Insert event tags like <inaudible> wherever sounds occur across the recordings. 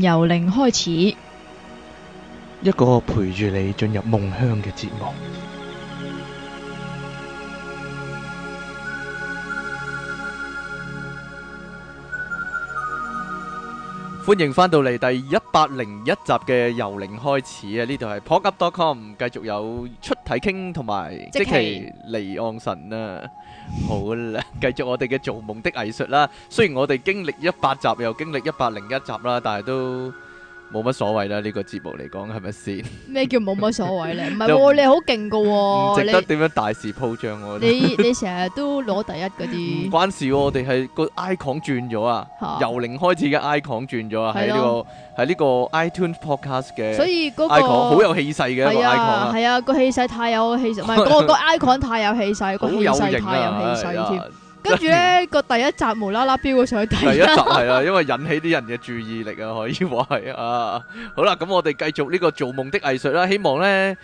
由零開始，一個陪住你進入夢鄉嘅節目。歡迎翻到嚟第一百零一集嘅由零開始啊！呢度係 pocket.com，繼續有出體傾同埋即期離岸神啊！好啦，繼續我哋嘅做夢的藝術啦。雖然我哋經歷一百集又經歷一百零一集啦，但係都。冇乜所謂啦，這個、節 <laughs> 謂呢個節目嚟講係咪先？咩叫冇乜所謂咧？唔係、 <laughs> 啊， <laughs> <laughs> 你好勁噶，唔值得點樣大肆鋪張我。你你成日都攞第一嗰啲、啊。唔關事，我哋係個 icon 轉咗啊，由零開始嘅 icon 轉咗啊，喺呢、這個喺呢個 iTunes podcast 嘅。所以嗰、那個好有氣勢嘅 i 係啊，個氣勢太有氣勢，唔係個個 icon 太有氣勢，個氣勢太有氣勢添。跟住呢個第一集無啦啦飆咗上去睇，第一集係啊， <laughs> 因為引起啲人嘅注意力啊，可以話係啊。好啦，咁我哋繼續呢個做夢的藝術啦。希望呢，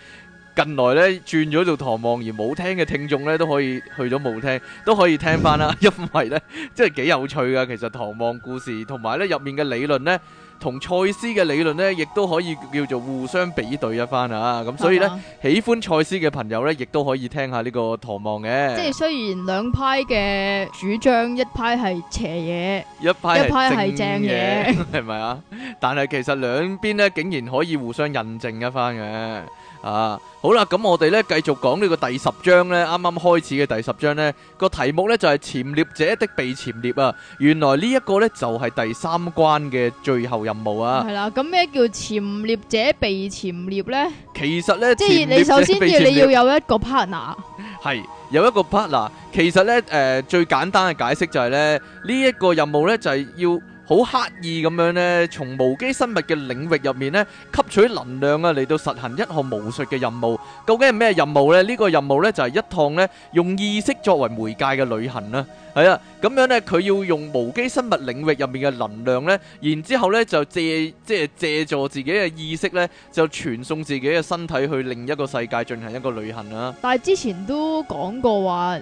近來呢轉咗做唐望而冇聽嘅聽眾呢，都可以去咗冇聽都可以聽翻啦。因為呢，即係幾有趣噶。其實唐望故事同埋呢入面嘅理論呢。同賽斯嘅理論呢，亦都可以叫做互相比對一番啊！咁所以呢，是啊、喜歡賽斯嘅朋友呢，亦都可以聽下呢個唐望嘅。即係雖然兩派嘅主張，一派係邪嘢，一派一派係正嘢，係咪啊？ <laughs> 但係其實兩邊呢，竟然可以互相印證一番嘅、啊。啊，好啦，咁我哋咧繼續講呢個第十章咧，啱啱開始嘅第十章咧，個題目咧就係潛獵者的被潛獵啊。原來呢一個咧就係、是、第三關嘅最後任務啊。係啦，咁咩叫潛獵者被潛獵咧？其實咧，即係你首先，要你要有一個 partner <laughs> 。係有一個 partner，其實咧，誒、呃，最簡單嘅解釋就係咧，呢、這、一個任務咧就係要。好刻意咁樣呢，從無機生物嘅領域入面呢，吸取能量啊，嚟到實行一項巫術嘅任務。究竟係咩任務呢？呢個任務呢，就係一趟呢，用意識作為媒介嘅旅行啦。係啊，咁樣咧，佢要用無機生物領域入面嘅能量咧，然之後咧就借即係借助自己嘅意識咧，就傳送自己嘅身體去另一個世界進行一個旅行啊。但係之前都講過話，誒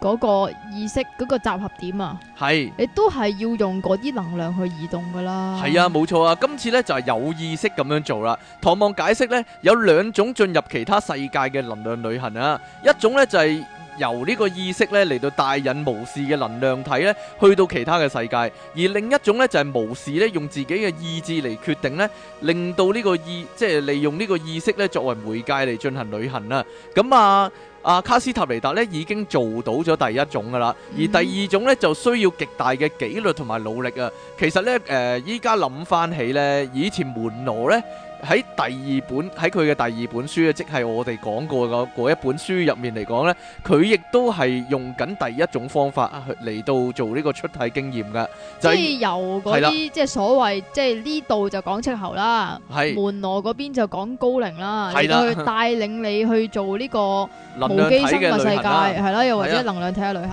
嗰個意識嗰個集合點啊，係，你都係要用嗰啲能量去移動噶啦。係啊，冇錯啊，今次咧就係有意識咁樣做啦。唐望解釋咧，有兩種進入其他世界嘅能量旅行啊，一種咧就係。由呢個意識咧嚟到帶引無視嘅能量體咧，去到其他嘅世界；而另一種咧就係無視咧，用自己嘅意志嚟決定咧，令到呢個意即係利用呢個意識咧作為媒介嚟進行旅行啦、啊。咁啊啊卡斯塔尼達咧已經做到咗第一種噶啦，而第二種咧就需要極大嘅紀律同埋努力啊。其實咧誒，依家諗翻起咧，以前門羅咧。喺第二本喺佢嘅第二本書嘅，即係我哋講過個嗰一本書入面嚟講咧，佢亦都係用緊第一種方法啊嚟到做呢個出體經驗嘅。即係由嗰啲即係所謂即係呢度就講斥候啦，門羅嗰邊就講高靈啦，去帶領你去做呢個無機生物世界，係咯，又或者能量體嘅旅行。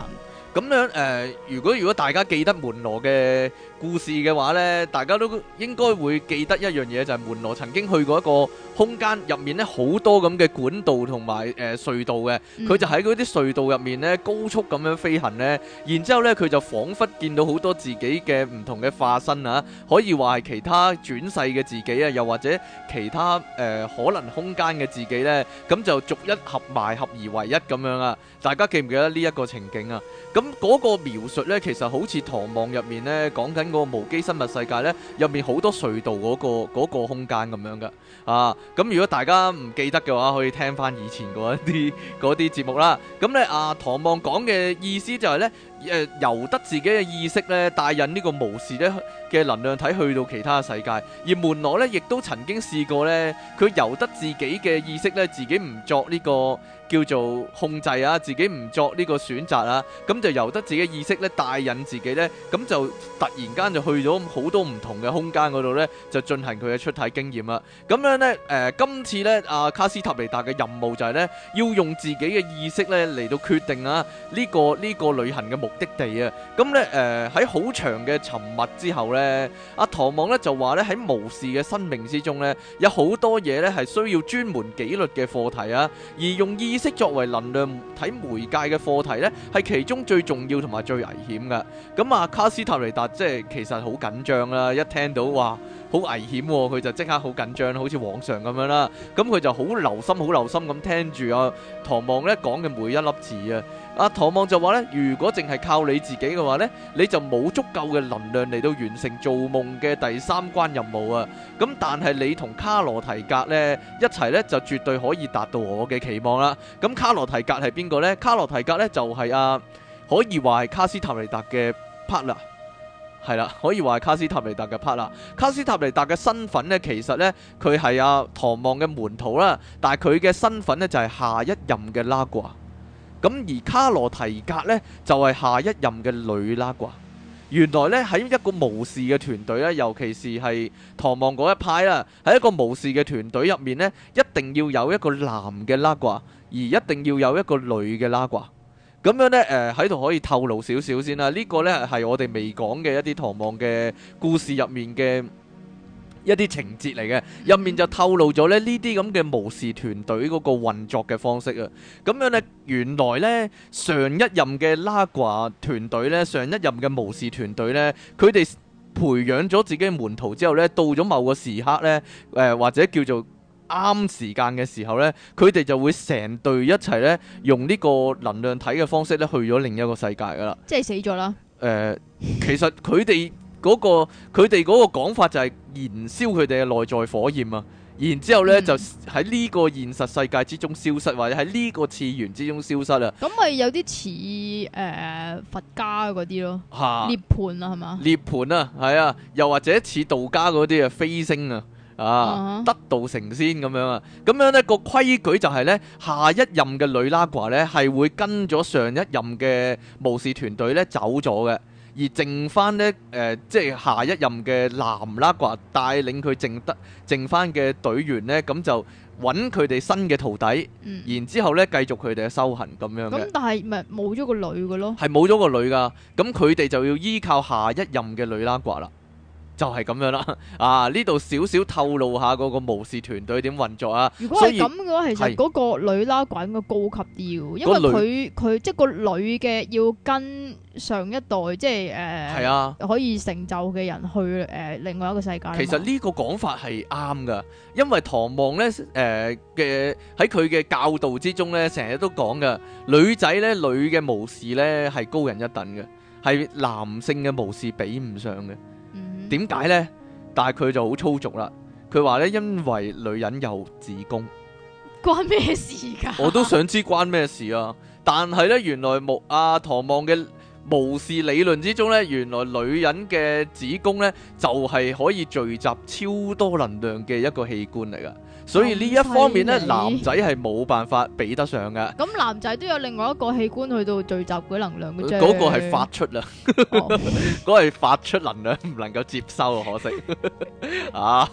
咁樣誒，如果如果大家記得門羅嘅。故事嘅話咧，大家都應該會記得一樣嘢，就係門羅曾經去過一個空間入面咧，好多咁嘅管道同埋誒隧道嘅。佢就喺嗰啲隧道入面咧，高速咁樣飛行咧，然之後咧，佢就彷彿見到好多自己嘅唔同嘅化身啊，可以話係其他轉世嘅自己啊，又或者其他誒可能空間嘅自己咧，咁就逐一合埋合而為一咁樣啊！大家記唔記得呢一個情景啊？咁嗰個描述咧，其實好似《唐望》入面咧講緊。嗰個無機生物世界呢，入面好多隧道，嗰個嗰個空間咁樣噶啊！咁如果大家唔記得嘅話，可以聽翻以前嗰啲嗰啲節目啦。咁咧，阿唐望講嘅意思就係呢。誒、呃，由得自己嘅意識咧帶引呢個無視咧嘅能量體去到其他嘅世界，而門羅咧亦都曾經試過咧，佢由得自己嘅意識咧，自己唔作呢、這個叫做控制啊，自己唔作呢個選擇啊，咁、嗯、就由得自己嘅意識咧帶引自己咧，咁、嗯、就突然間就去咗好多唔同嘅空間度咧，就進行佢嘅出體經驗啦。咁樣咧，誒、呃、今次咧，阿、啊、卡斯塔尼達嘅任務就係咧，要用自己嘅意識咧嚟到決定啊呢、這個呢、這個旅行嘅目的。的地啊，咁、嗯、咧，誒喺好長嘅沉默之後咧，阿唐望咧就話咧，喺無視嘅生命之中咧，有好多嘢咧係需要專門紀律嘅課題啊，而用意識作為能量睇媒介嘅課題咧，係其中最重要同埋最危險嘅。咁、嗯、啊，卡斯塔雷達即係其實好緊張啦，一聽到話好危險，哦，佢就即刻好緊張，好似往常咁樣啦。咁佢就好留心，好留心咁聽住阿唐望咧講嘅每一粒字啊。阿唐望就話咧，如果淨係靠你自己嘅話咧，你就冇足夠嘅能量嚟到完成做夢嘅第三關任務啊！咁但係你同卡羅提格咧一齊咧，就絕對可以達到我嘅期望啦！咁卡羅提格係邊個呢？卡羅提格咧就係啊，可以話係卡斯塔尼達嘅 partner，係啦，可以話係卡斯塔尼達嘅 partner。卡斯塔尼達嘅身份呢，其實呢、啊，佢係阿唐望嘅門徒啦，但係佢嘅身份呢，就係下一任嘅拉挂。咁而卡羅提格呢，就係、是、下一任嘅女拉啩，原來呢，喺一個巫士嘅團隊呢，尤其是係唐望嗰一派啦，喺一個巫士嘅團隊入面呢，一定要有一個男嘅拉呱，而一定要有一個女嘅拉呱。咁樣呢，誒喺度可以透露少少先啦。呢、這個呢，係我哋未講嘅一啲唐望嘅故事入面嘅。一啲情節嚟嘅，入面就透露咗咧呢啲咁嘅巫師團隊嗰個運作嘅方式啊！咁樣呢，原來呢，上一任嘅拉瓜團隊呢，上一任嘅巫師團隊呢，佢哋培養咗自己門徒之後呢，到咗某個時刻呢，誒、呃、或者叫做啱時間嘅時候呢，佢哋就會成隊一齊呢，用呢個能量體嘅方式呢，去咗另一個世界噶啦。即係死咗啦？誒，其實佢哋。嗰佢哋嗰個講法就係燃燒佢哋嘅內在火焰啊！然之後呢、嗯、就喺呢個現實世界之中消失，或者喺呢個次元之中消失、呃、啊！咁咪有啲似誒佛家嗰啲咯，涅槃啊，係嘛吧？涅槃啊，係啊！又或者似道家嗰啲啊，飛升啊，啊得、嗯、哼道成仙咁樣啊！咁樣呢個規矩就係呢：下一任嘅女拉呱咧係會跟咗上一任嘅巫師團隊呢走咗嘅。而剩翻咧，誒、呃，即係下一任嘅男啦掛，帶領佢剩得剩翻嘅隊員咧，咁就揾佢哋新嘅徒弟，嗯、然之後咧繼續佢哋嘅修行咁樣。咁、嗯、但係咪冇咗個女嘅咯？係冇咗個女㗎，咁佢哋就要依靠下一任嘅女啦掛啦。就係咁樣啦，啊，呢度少少透露下嗰個武士團隊點運作啊。如果係咁嘅話，以其實嗰個女啦，拉應該高級啲嘅，因為佢佢即係個女嘅要跟上一代，即係誒，係、呃、啊，的可以成就嘅人去誒、呃，另外一個世界。其實呢個講法係啱噶，因為唐望咧誒嘅喺佢嘅教導之中咧，成日都講噶女仔咧女嘅武士咧係高人一等嘅，係男性嘅武士比唔上嘅。點解呢？但係佢就好粗俗啦，佢話呢，因為女人有子宮，關咩事㗎？我都想知道關咩事啊，但係呢，原來唐望嘅無視理論之中呢，原來女人嘅子宮呢就係可以聚集超多能量嘅一個器官嚟㗎。所以呢一方面咧，男仔係冇辦法比得上嘅。咁、 <music> 嗯、男仔都有另外一個器官去到聚集嗰啲能量嘅。嗰個係發出啦，嗰 <laughs> 係發出能量，唔能夠接收啊！可惜啊，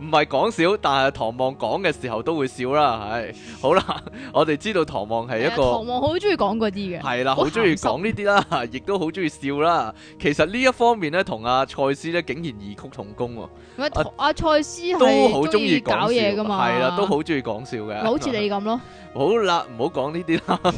唔係講笑，但係唐望講嘅時候都會笑啦。係好啦，我哋知道唐望係一個唐、嗯、望好中意講嗰啲嘅，係、啊、啦，好中意講呢啲啦，亦都好中意笑啦。其實呢一方面咧，同阿蔡思咧竟然異曲同工喎、啊。阿、啊、蔡思都好中意搞嘢嘅。啊。係啦，都好中意講笑嘅，好似你咁咯。 <laughs> 好啦，唔好講呢啲啦。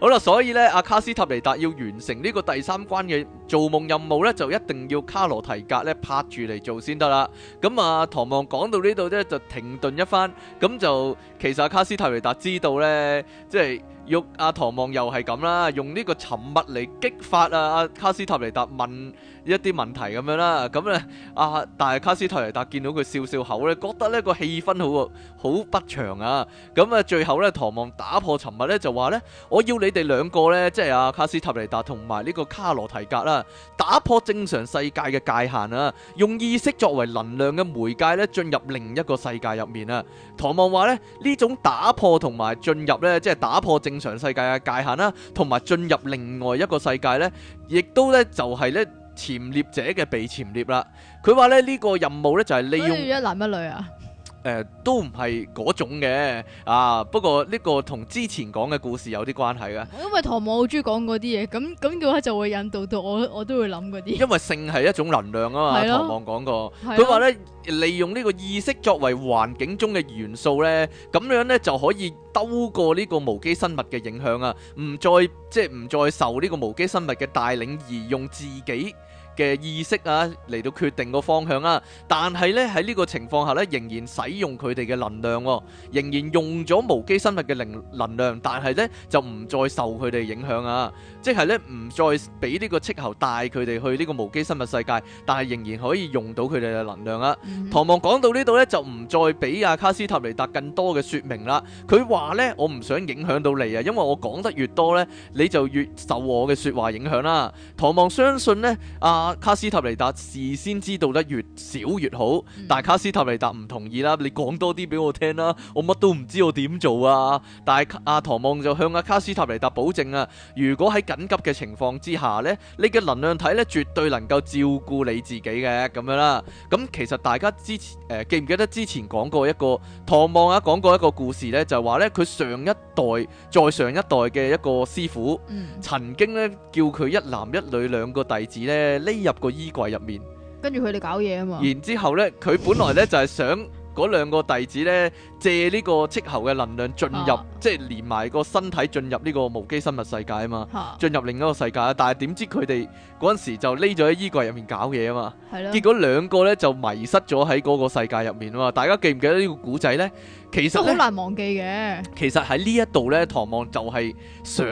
好啦，所以呢，阿卡斯塔尼達要完成呢個第三關嘅做夢任務呢，就一定要卡羅提格呢拍住嚟做先得啦。咁、嗯、啊，唐望講到呢度呢，就停頓一番。咁就其實阿、啊、卡斯塔尼達知道呢，即係欲阿唐望又係咁啦，用呢個沉默嚟激發啊阿、啊、卡斯塔尼達問。一啲問題咁樣啦，咁咧啊，但係卡斯提尼達見到佢笑笑口咧，覺得呢個氣氛好好不祥啊！咁啊，最後咧，唐望打破尋日沉默咧就話咧，我要你哋兩個咧，即係啊卡斯提尼達同埋呢個卡羅提格啦，打破正常世界嘅界限啊，用意識作為能量嘅媒介咧，進入另一個世界入面啊！唐望話咧，呢種打破同埋進入咧，即係打破正常世界嘅界限啦，同埋進入另外一個世界咧，亦都咧就係咧。潛獵者嘅被潛獵啦，佢話咧呢、呢個任務咧就係、是、利用一男一女啊。誒，都唔係嗰種嘅啊，不過呢個同之前講嘅故事有啲關係嘅。因為唐望好中意講嗰啲嘢，咁咁嘅話就會引導到我，我都會諗嗰啲。因為性係一種能量啊嘛，唐望講過，佢話咧利用呢個意識作為環境中嘅元素咧，咁樣咧就可以兜過呢個無機生物嘅影響啊，唔再即係唔再受呢個無機生物嘅帶領而用自己嘅意識啊，嚟到決定個方向啊，但係呢喺呢個情況下呢，仍然使用佢哋嘅能量、啊，仍然用咗無機生物嘅能能量，但係呢，就唔再受佢哋影響啊，即係呢，唔再俾呢個斥候帶佢哋去呢個無機生物世界，但係仍然可以用到佢哋嘅能量啊。唐望講到呢度呢，就唔再俾阿卡斯塔尼達更多嘅説明啦。佢話呢，我唔想影響到你啊，因為我講得越多呢，你就越受我嘅説話影響啦、啊。唐望相信呢，啊。阿、啊、卡斯塔尼達事先知道得越少越好，但係卡斯塔尼達唔同意啦。你講多啲俾我聽啦，我乜都唔知，我點做啊？但係阿、啊、唐望就向阿、啊、卡斯塔尼達保證啊，如果喺緊急嘅情況之下呢，你嘅能量體呢，絕對能夠照顧你自己嘅，咁樣啦、啊。咁、嗯、其實大家之前誒、呃、記唔記得之前講過一個唐望啊講過一個故事呢，就話、是、呢，佢上一代再上一代嘅一個師傅曾經呢，叫佢一男一女兩個弟子呢。匿入個衣櫃入面，跟住佢哋搞嘢啊嘛。然之後咧，佢本來咧就係想嗰兩個弟子咧借呢個斥候嘅能量進入，即係連埋個身體進入呢個無機生物世界啊嘛。進入另一個世界啊，但係點知佢哋嗰陣時就匿咗喺衣櫃入面搞嘢啊嘛。係咯。結果兩個咧就迷失咗喺嗰個世界入面啊嘛。大家記唔記得呢個古仔咧？其實都好難忘記嘅。其實喺呢一度咧，唐望就係想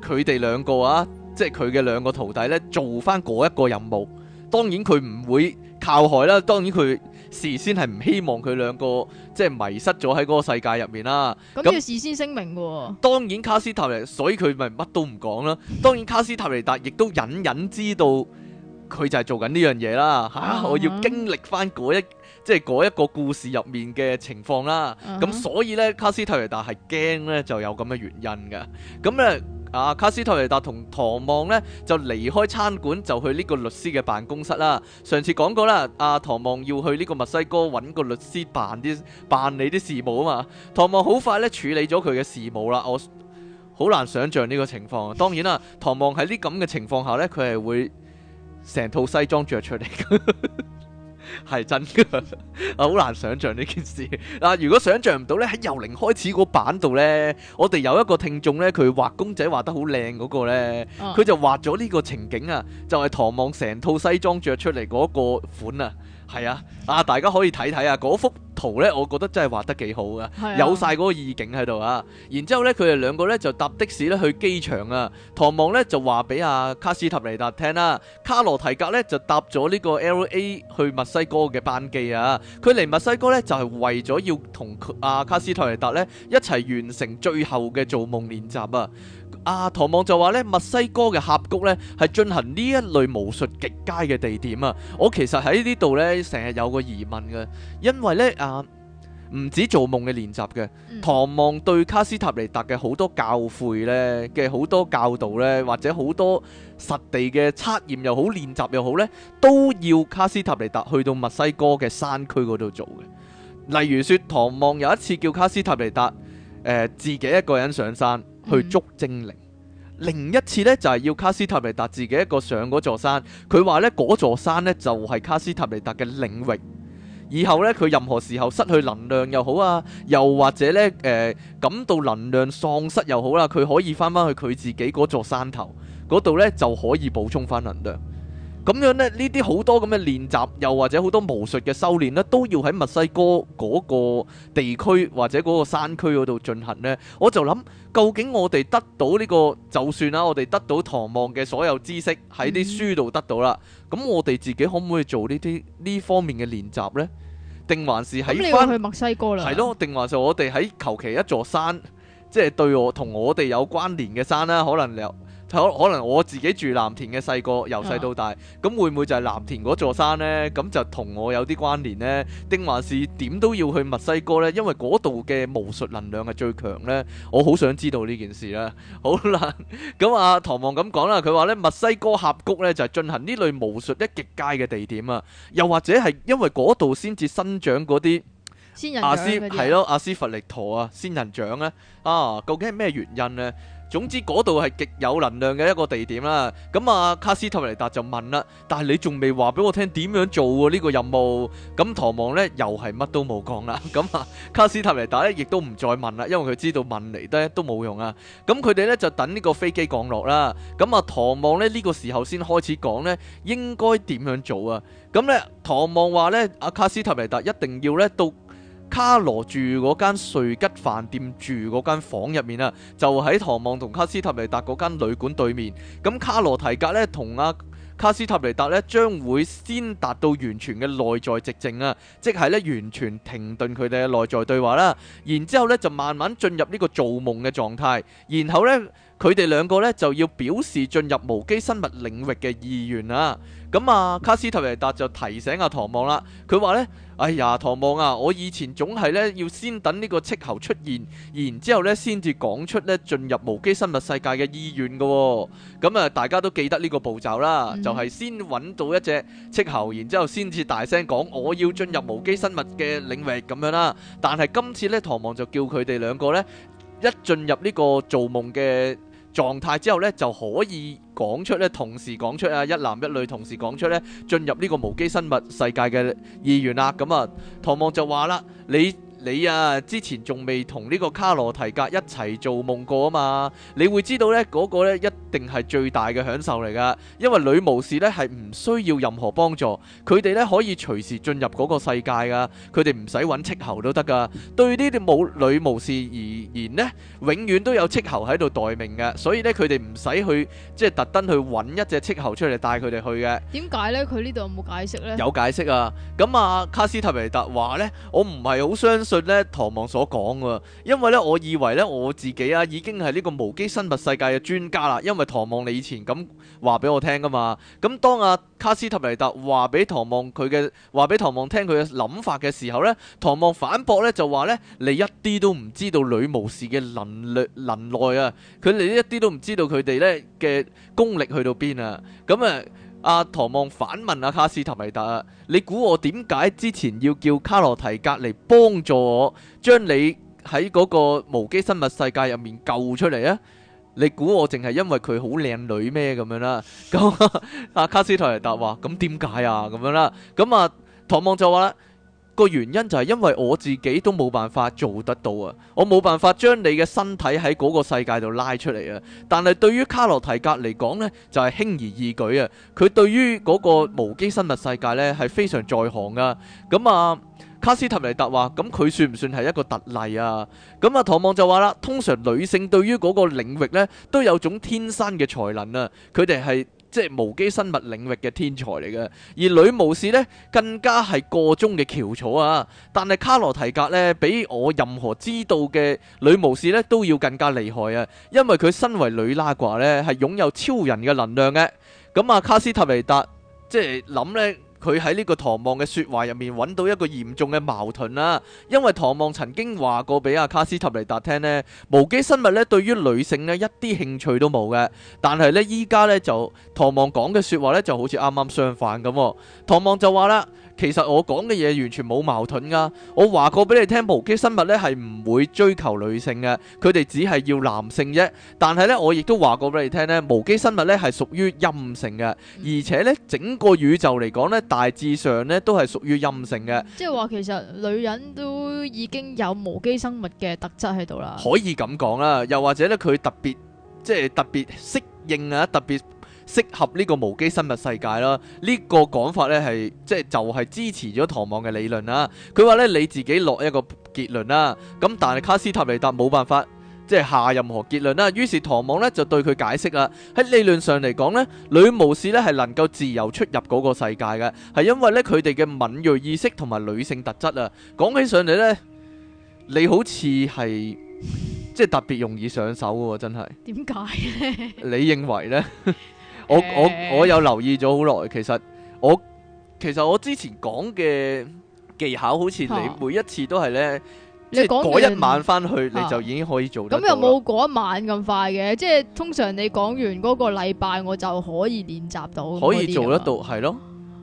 佢哋兩個啊。即係佢嘅兩個徒弟咧，做翻嗰一個任務。當然佢唔會靠害啦。當然佢事先係唔希望佢兩個即係迷失咗喺嗰個世界入面啦。咁要事先聲明嘅、哦。當然卡斯塔尼，所以佢咪乜都唔講啦。當然卡斯塔尼達亦都隱隱知道佢就係做緊呢樣嘢啦。吓、uh huh. 啊，我要經歷翻嗰一即係嗰一個故事入面嘅情況啦。咁、uh huh. 所以咧，卡斯塔尼達係驚咧，就有咁嘅原因噶。咁、嗯、咧。呃啊！卡斯托雷達同唐望咧就離開餐館，就去呢個律師嘅辦公室啦。上次講過啦，阿、啊、唐望要去呢個墨西哥揾個律師辦啲辦理啲事務啊嘛。唐望好快咧處理咗佢嘅事務啦，我好難想象呢個情況。當然啦，唐望喺呢咁嘅情況下咧，佢係會成套西裝着出嚟。 <laughs> 係真噶，好 <laughs> 難想象呢件事。嗱， <laughs> 如果想象唔到呢，喺由零開始嗰版度呢，我哋有一個聽眾呢，佢畫公仔畫得好靚嗰個呢，佢就畫咗呢個情景啊，就係、是、唐望成套西裝着出嚟嗰個款啊。係啊，啊大家可以睇睇啊，嗰幅圖咧，我覺得真係畫得幾好噶，啊、有晒嗰個意境喺度啊。然之後咧，佢哋兩個咧就搭的士咧去機場啊。唐望咧就話俾阿卡斯塔尼達聽啦、啊，卡羅提格咧就搭咗呢個 LA 去墨西哥嘅班機啊。佢嚟墨西哥咧就係、是、為咗要同阿、啊、卡斯塔尼達咧一齊完成最後嘅做夢練習啊。啊！唐望就話咧，墨西哥嘅峽谷咧係進行呢一類巫術極佳嘅地點啊！我其實喺呢度咧，成日有個疑問嘅，因為咧啊，唔止做夢嘅練習嘅，唐望對卡斯塔尼達嘅好多教誨咧嘅好多教導咧，或者好多實地嘅測驗又好練習又好咧，都要卡斯塔尼達去到墨西哥嘅山區嗰度做嘅。例如說，唐望有一次叫卡斯塔尼達誒自己一個人上山。去捉精靈，另一次呢，就係、是、要卡斯塔尼達自己一個上嗰座山，佢話呢，嗰座山呢，就係、是、卡斯塔尼達嘅領域，以後呢，佢任何時候失去能量又好啊，又或者呢，誒、呃、感到能量喪失又好啦、啊，佢可以翻返去佢自己嗰座山頭，嗰度呢，就可以補充翻能量。咁樣咧，呢啲好多咁嘅練習，又或者好多巫術嘅修練咧，都要喺墨西哥嗰個地區或者嗰個山區嗰度進行咧。我就諗，究竟我哋得到呢個就算啦，我哋得到唐望嘅所有知識喺啲書度得到啦。咁我哋自己可唔可以做呢啲呢方面嘅練習咧？定還是喺翻？我哋要去墨西哥啦。係咯，定還是我哋喺求其一座山，即係對我同我哋有關聯嘅山啦？可能有。可能我自己住藍田嘅細個，由細到大，咁、啊、會唔會就係藍田嗰座山呢？咁就同我有啲關聯呢？定還是點都要去墨西哥呢？因為嗰度嘅巫術能量係最強呢。我好想知道呢件事啦。好啦，咁 <laughs> 阿、啊、唐望咁講啦，佢話呢墨西哥峽谷呢就係、是、進行呢類巫術一極佳嘅地點啊。又或者係因為嗰度先至生長嗰啲阿斯係咯，阿斯佛力陀啊仙人掌咧啊，究竟係咩原因呢？總之嗰度係極有能量嘅一個地點啦，咁啊卡斯塔尼達就問啦，但係你仲未話俾我聽點樣做呢個任務，咁唐望呢又係乜都冇講啦，咁啊卡斯塔尼達呢亦都唔再問啦，因為佢知道問嚟得都冇用啊，咁佢哋呢就等呢個飛機降落啦，咁啊唐望呢呢個時候先開始講呢應該點樣做啊，咁呢唐望話呢阿卡斯塔尼達一定要呢到。卡羅住嗰間瑞吉飯店住嗰間房入面啊，就喺唐望同卡斯塔尼達嗰間旅館對面。咁卡羅提格咧，同阿卡斯塔尼達咧，將會先達到完全嘅內在寂靜啊，即係咧完全停頓佢哋嘅內在對話啦，然之後咧就慢慢進入呢個做夢嘅狀態，然後咧。佢哋兩個咧就要表示進入無機生物領域嘅意願啊！咁啊，卡斯特維達就提醒阿唐望啦，佢話呢：「哎呀，唐望啊，我以前總係呢，要先等呢個赤猴出現，然之後呢，先至講出呢進入無機生物世界嘅意願嘅，哦。咁啊，大家都記得呢個步驟啦，mm hmm. 就係先揾到一隻赤猴，然之後先至大聲講我要進入無機生物嘅領域咁樣啦。」但係今次呢，唐望就叫佢哋兩個呢，一進入呢個做夢嘅狀態之後呢，就可以講出呢，同時講出啊，一男一女同時講出呢，進入呢個無機生物世界嘅意願啦。咁啊，唐望就話啦，你，你啊，之前仲未同呢個卡羅提格一齊做夢過啊嘛？你會知道咧，嗰個咧一定係最大嘅享受嚟噶，因為女巫士咧係唔需要任何幫助，佢哋咧可以隨時進入個世界噶，佢哋唔使揾斥候都得噶。對呢啲冇女巫士而言咧，永遠都有斥候喺度待命嘅，所以咧佢哋唔使去即係特登去揾一隻斥候出嚟帶佢哋去嘅。點解咧？佢呢度有冇解釋咧？有解釋啊！咁啊，卡斯特維達話咧，我唔係好相信。咧唐望所講因為咧，我以為咧我自己啊，已經係呢個無機生物世界嘅專家啦。因為唐望你以前咁話俾我聽噶嘛，咁當阿卡斯塔尼達話俾唐望佢嘅話俾唐望聽佢嘅諗法嘅時候咧，唐望反駁咧就話咧，你一啲都唔知道女巫士嘅能力能耐啊，佢哋一啲都唔知道佢哋咧嘅功力去到邊啊，咁啊。阿、啊、唐望反問阿、啊、卡斯提維達：，你估我點解之前要叫卡羅提格嚟幫助我，將你喺嗰個無機生物世界入面救出嚟啊？你估我淨係因為佢好靚女咩咁樣啦？咁阿卡斯提維達話：，咁點解啊？咁、啊、樣啦？咁啊，唐望就話。個原因就係因為我自己都冇辦法做得到啊！我冇辦法將你嘅身體喺嗰個世界度拉出嚟啊！但係對於卡洛提格嚟講呢，就係輕而易舉啊！佢對於嗰個無機生物世界呢，係非常在行噶。咁啊，卡斯塔尼達話：，咁佢算唔算係一個特例啊？咁啊，唐望就話啦：，通常女性對於嗰個領域呢，都有種天生嘅才能啊！佢哋係。即係無機生物領域嘅天才嚟嘅，而女巫士呢，更加係個中嘅翹楚啊！但係卡羅提格呢，比我任何知道嘅女巫士呢都要更加厲害啊！因為佢身為女拉呱呢，係擁有超人嘅能量嘅。咁啊，卡斯特雷達即係諗呢。佢喺呢個唐望嘅說話入面揾到一個嚴重嘅矛盾啦，啊，因為唐望曾經話過俾阿卡斯塔尼達聽呢，無機生物呢對於女性呢一啲興趣都冇嘅。但係呢，依家呢就唐望講嘅說話呢就好似啱啱相反咁，唐望就話啦。其實我講嘅嘢完全冇矛盾噶，我話過俾你聽，無機生物呢係唔會追求女性嘅，佢哋只係要男性啫。但係呢，我亦都話過俾你聽呢，無機生物呢係屬於陰性嘅，而且呢，整個宇宙嚟講呢，大致上呢都係屬於陰性嘅。即係話，其實女人都已經有無機生物嘅特質喺度啦。可以咁講啦，又或者呢，佢特別即係特別適應啊，特別。適合呢個無機生物世界啦，呢、這個講法呢，係即係就係、是、支持咗唐望嘅理論啦。佢話呢，你自己落一個結論啦，咁但係卡斯塔尼達冇辦法即係、就是、下任何結論啦。於是唐望呢，就對佢解釋啦。喺理論上嚟講呢，女巫士呢係能夠自由出入嗰個世界嘅，係因為呢，佢哋嘅敏鋭意識同埋女性特質啊。講起上嚟呢，你好似係即係特別容易上手喎，真係。點解你認為呢？ <laughs> 我我我有留意咗好耐，其實我其實我之前講嘅技巧，好似你每一次都係呢，你講一晚翻去你就已經可以做到。咁，啊，有冇嗰一晚咁快嘅？即係通常你講完嗰個禮拜，我就可以練習到。可以做得到，係咯。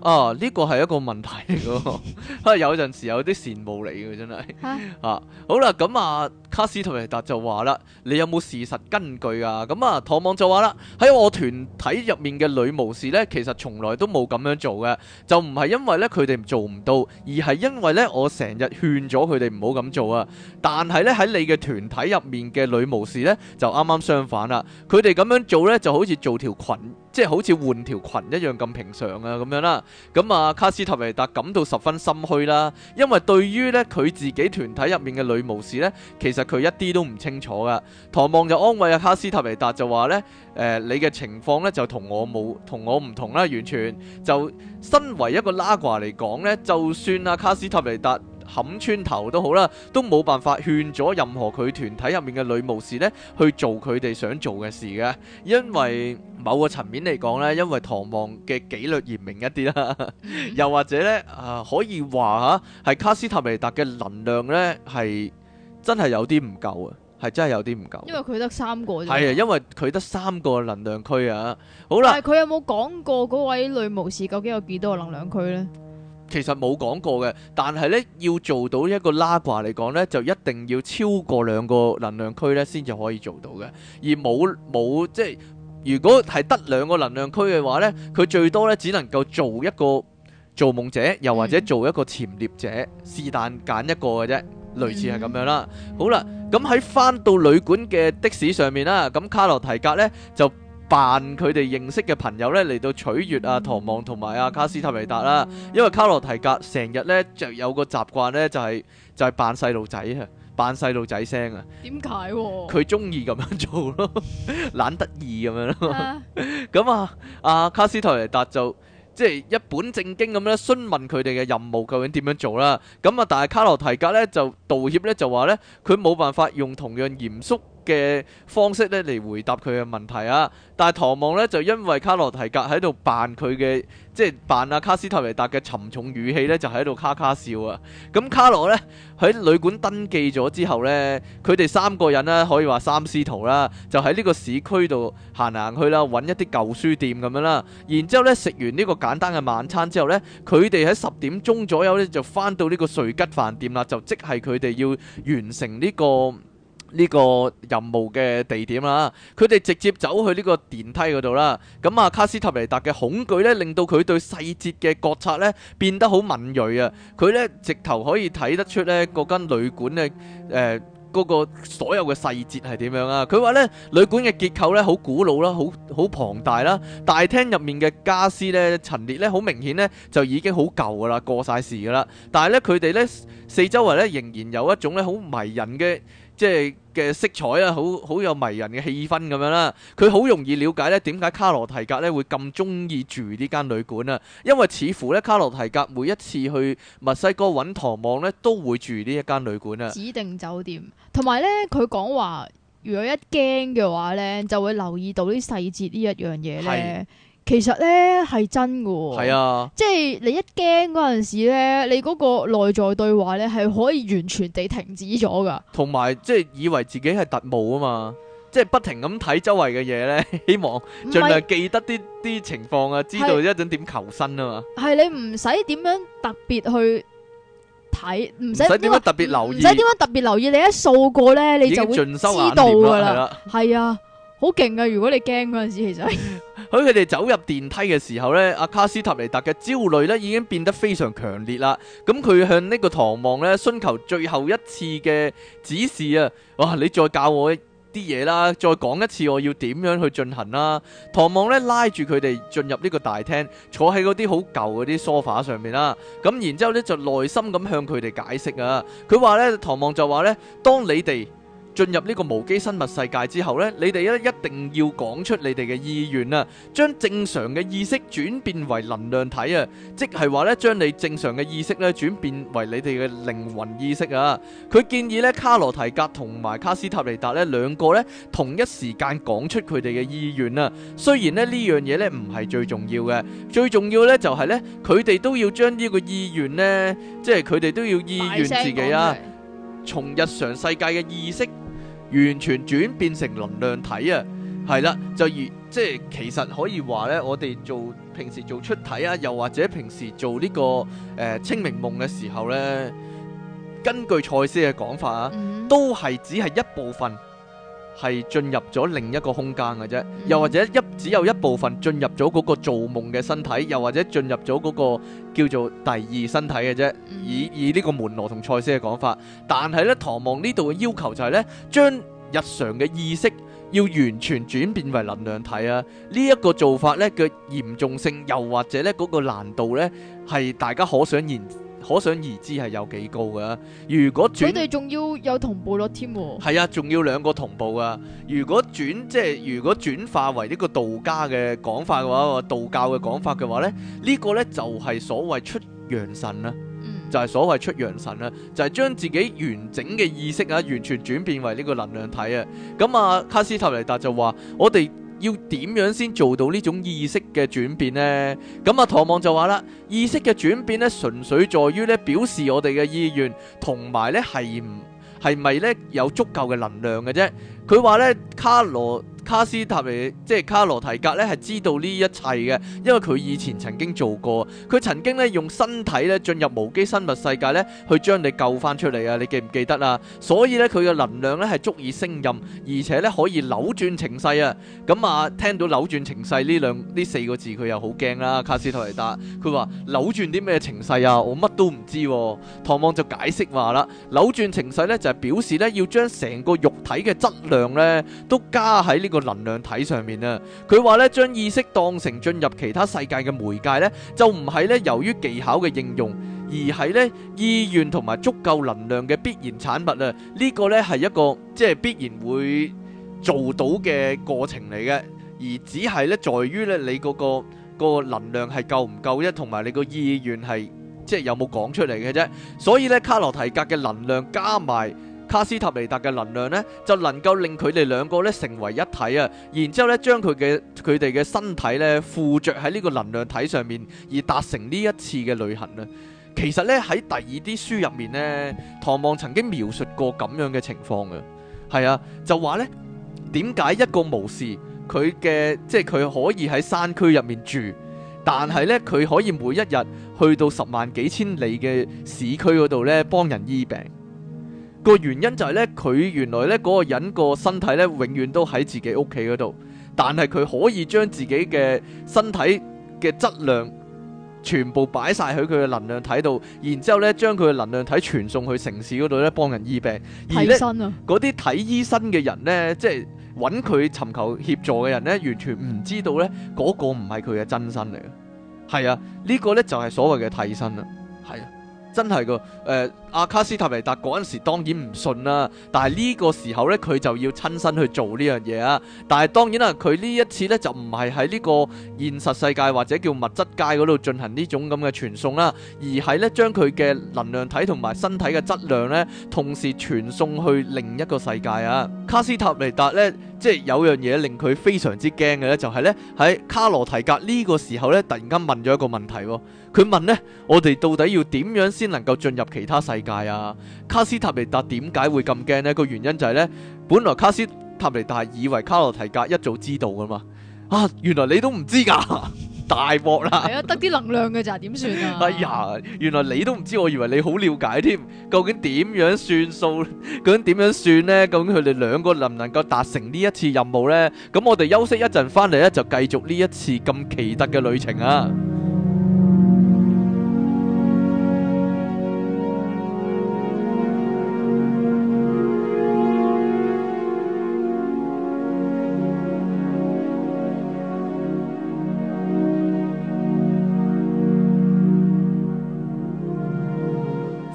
啊！呢個係一個問題嚟嘅， <laughs> <laughs> 有陣時有啲羨慕你嘅，真係嚇、啊啊。好啦，咁啊，卡斯同維達就話啦：你有冇事實根據啊？咁啊，唐望就話啦：喺我團體入面嘅女巫士呢，其實從來都冇咁樣做嘅，就唔係因為呢佢哋做唔到，而係因為呢我成日勸咗佢哋唔好咁做啊。但係呢，喺你嘅團體入面嘅女巫士呢，就啱啱相反啦。佢哋咁樣做呢，就好似做條裙，即係好似換條裙一樣咁平常啊，咁樣啦。咁啊，卡斯特維達感到十分心虛啦，因為對於呢，佢自己團體入面嘅女巫士呢，其實佢一啲都唔清楚噶。唐望就安慰阿卡斯特維達就話呢：呃「誒，你嘅情況呢，就同我冇同我唔同啦，完全就身為一個拉瓜嚟講呢，就算阿卡斯特維達。冚穿頭都好啦，都冇辦法勸咗任何佢團體入面嘅女巫士咧，去做佢哋想做嘅事嘅，因為某個層面嚟講咧，因為唐望嘅紀律嚴明一啲啦，又或者咧啊，可以話吓係卡斯塔尼達嘅能量咧係真係有啲唔夠啊，係真係有啲唔夠。因為佢得三個啫。係啊，因為佢得三個能量區啊。好啦，但係佢有冇講過嗰位女巫士究竟有幾多個能量區咧？其實冇講過嘅，但係咧要做到一個拉掛嚟講咧，就一定要超過兩個能量區咧，先至可以做到嘅。而冇冇即係，如果係得兩個能量區嘅話咧，佢最多咧只能夠做一個做夢者，又或者做一個潛獵者，是但揀一個嘅啫，類似係咁樣啦。好啦，咁喺翻到旅館嘅的士上面啦，咁卡洛提格咧就。扮佢哋認識嘅朋友咧嚟到取悅啊，唐望同埋阿卡斯泰維達啦。嗯、因為卡洛提格成日咧就有個習慣呢就係、是、就係、是、扮細路仔啊，扮細路仔聲啊。點解？佢中意咁樣做咯， <laughs> 懶得意咁樣咯。咁啊，阿、 <laughs> 啊啊、卡斯泰維達就即係、就是、一本正經咁咧詢問佢哋嘅任務究竟點樣做啦。咁啊，但係卡洛提格呢就道歉呢就話呢，佢冇辦法用同樣嚴肅嘅方式咧嚟回答佢嘅問題啊！但係唐望呢就因為卡洛提格喺度扮佢嘅，即係扮阿卡斯泰維達嘅沉重語氣呢就喺度卡卡笑啊！咁卡洛呢喺旅館登記咗之後呢，佢哋三個人呢可以話三師徒啦，就喺呢個市區度行行去啦，揾一啲舊書店咁樣啦。然之後呢，食完呢個簡單嘅晚餐之後呢，佢哋喺十點鐘左右呢就翻到呢個瑞吉飯店啦，就即係佢哋要完成呢個。呢個任務嘅地點啦，佢哋直接走去呢個電梯嗰度啦。咁啊，卡斯塔尼達嘅恐懼呢，令到佢對細節嘅覺察呢，變得好敏鋭啊！佢呢，直頭可以睇得出呢嗰間旅館呢誒嗰個所有嘅細節係點樣啊！佢話呢，旅館嘅結構呢，好古老啦，好好龐大啦。大廳入面嘅傢俬呢，陳列呢，好明顯呢，就已經好舊㗎啦，過晒時㗎啦。但係呢，佢哋呢，四周圍呢，仍然有一種呢，好迷人嘅。即係嘅色彩啦，好好有迷人嘅氣氛咁樣啦。佢好容易了解咧，點解卡羅提格咧會咁中意住呢間旅館啊？因為似乎咧，卡羅提格每一次去墨西哥揾唐望咧，都會住呢一間旅館啦。指定酒店，同埋咧，佢講話如果一驚嘅話咧，就會留意到啲細節呢一樣嘢咧。其實咧係真喎，係啊。即係你一驚嗰陣時咧，你嗰個內在對話咧係可以完全地停止咗噶。同埋即係以為自己係特務啊嘛，即係不停咁睇周圍嘅嘢咧，希望盡量記得啲啲是情況啊，知道一陣點求生啊嘛。係你唔使點樣特別去睇，唔使點樣特別留意，唔使點樣特別留意。你一掃過咧，你就會盡收眼底啦。係啊，好勁啊！如果你驚嗰陣時，其實 <laughs> 喺佢哋走入電梯嘅時候咧，阿卡斯塔尼達嘅焦慮咧已經變得非常強烈啦。咁佢向呢個唐望咧尋求最後一次嘅指示啊！哇，你再教我啲嘢啦，再講一次我要點樣去進行啦？唐望咧拉住佢哋進入呢個大廳，坐喺嗰啲好舊嗰啲梳化上面啦。咁然之後咧就耐心咁向佢哋解釋啊。佢話咧，唐望就話咧，當你哋，進入呢個無機生物世界之後咧，你哋咧一定要講出你哋嘅意願啊！將正常嘅意識轉變為能量體啊，即係話咧將你正常嘅意識咧轉變為你哋嘅靈魂意識啊！佢建議咧卡羅提格同埋卡斯塔尼達咧兩個咧同一時間講出佢哋嘅意願啊！雖然咧呢樣嘢咧唔係最重要嘅，最重要咧就係咧佢哋都要將呢個意願咧，即係佢哋都要意願自己啊！從日常世界嘅意識。完全轉變成能量體啊，係啦，就而即係其實可以話咧，我哋做平時做出體啊，又或者平時做呢個誒、呃、清明夢嘅時候咧，根據賽斯嘅講法啊，都係只係一部分。係進入咗另一個空間嘅啫，又或者一只有一部分進入咗嗰個造夢嘅身體，又或者進入咗嗰個叫做第二身體嘅啫。以以呢個門羅同賽斯嘅講法，但係咧，唐望呢度嘅要求就係咧，將日常嘅意識要完全轉變為能量體啊！呢一個做法咧嘅嚴重性，又或者咧嗰個難度咧，係大家可想言。可想而知係有幾高㗎。如果轉，佢哋仲要有同步咯，添喎。係啊，仲要兩個同步啊。如果轉即係如果轉化為呢個道家嘅講法嘅話，嗯、或道教嘅講法嘅話咧，呢、呢個咧就係所謂出陽神啦。嗯，就係所謂出陽神啦，就係、係、將自己完整嘅意識啊，完全轉變為呢個能量體啊。咁啊，卡斯塔尼達就話：我哋要點樣先做到呢種意識嘅轉變呢？咁啊，唐望就話啦，意識嘅轉變呢，純粹在於咧，表示我哋嘅意願，同埋咧係唔係咪咧有足夠嘅能量嘅啫。佢話咧卡羅卡斯塔尼即係卡羅提格咧係知道呢一切嘅，因為佢以前曾經做過，佢曾經咧用身體咧進入無機生物世界咧去將你救翻出嚟啊！你記唔記得啊？所以咧佢嘅能量咧係足以升任，而且咧可以扭轉情勢啊！咁、嗯、啊，聽到扭轉情勢呢兩呢四個字，佢又好驚啦！卡斯塔尼達佢話扭轉啲咩情勢啊？我乜都唔知。唐望就解釋話啦，扭轉情勢咧就係表示咧要將成個肉體嘅質。上咧都加喺呢個能量體上面啊！佢話咧將意識當成進入其他世界嘅媒介咧，就唔係咧由於技巧嘅應用，而係咧意願同埋足夠能量嘅必然產物啊！呢個咧係一個即係必然會做到嘅過程嚟嘅，而只係咧在於咧你嗰個個能量係夠唔夠啫，同埋你個意願係即係有冇講出嚟嘅啫。所以咧卡羅提格嘅能量加埋卡斯塔尼達嘅能量呢，就能夠令佢哋兩個咧成為一體啊！然之後咧，將佢嘅佢哋嘅身體咧附着喺呢個能量體上面，而達成呢一次嘅旅行啊。其實咧喺第二啲書入面咧，唐望曾經描述過咁樣嘅情況嘅，係啊，就話咧，點解一個巫師佢嘅即係佢可以喺山區入面住，但係咧佢可以每一日去到十萬幾千里嘅市區嗰度咧幫人醫病。個原因就係咧，佢原來咧嗰個人個身體咧永遠都喺自己屋企嗰度，但係佢可以將自己嘅身體嘅質量全部擺晒喺佢嘅能量體度，然之後咧將佢嘅能量體傳送去城市嗰度咧幫人醫病，而咧嗰啲睇醫生嘅人咧，即係揾佢尋求協助嘅人咧，完全唔知道咧嗰個唔係佢嘅真身嚟嘅，係啊，呢個咧就係所謂嘅替身啦，係啊。真係㗎，誒、呃，阿卡斯塔尼達嗰陣時當然唔信啦、啊，但係呢個時候呢，佢就要親身去做呢樣嘢啊！但係當然啦，佢呢一次呢，就唔係喺呢個現實世界或者叫物質界嗰度進行呢種咁嘅傳送啦、啊，而係呢，將佢嘅能量體同埋身體嘅質量呢，同時傳送去另一個世界啊！卡斯塔尼達呢，即、就、係、是、有樣嘢令佢非常之驚嘅呢，就係呢，喺卡羅提格呢個時候呢，突然間問咗一個問題喎、啊。佢問呢：「我哋到底要點樣先能夠進入其他世界啊？卡斯塔尼達點解會咁驚呢？個原因就係呢，本來卡斯塔尼達以為卡羅提格一早知道噶嘛，啊，原來你都唔知噶，啊，大鑊啦！係啊，得啲能量嘅咋？點算？哎呀，原來你都唔知，我以為你好了解添。究竟點樣算數？究竟點樣算呢？究竟佢哋兩個能唔能夠達成呢一次任務呢？咁我哋休息一陣翻嚟咧，就繼續呢一次咁奇特嘅旅程啊！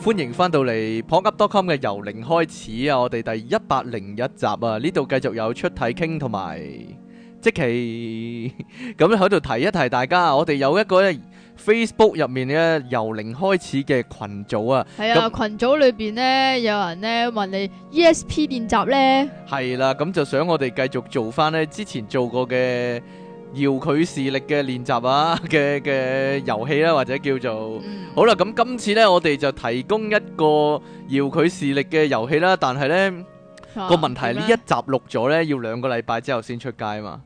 歡迎翻到嚟 p o c k c o m 嘅由零開始啊！我哋第一百零一集啊，呢度繼續有出體傾同埋即期，咁喺度提一提大家，我哋有一個 Facebook 入面嘅由零開始嘅群組啊，咁、啊嗯、群組裏邊呢，有人咧問你 ESP 練習咧，係啦，咁就想我哋繼續做翻咧之前做過嘅。搖佢視力嘅練習啊，嘅嘅遊戲啦，或者叫做、嗯、好啦，咁今次呢，我哋就提供一個搖佢視力嘅遊戲啦，但係呢個、啊、問題呢一集錄咗呢，麼要兩個禮拜之後先出街嘛？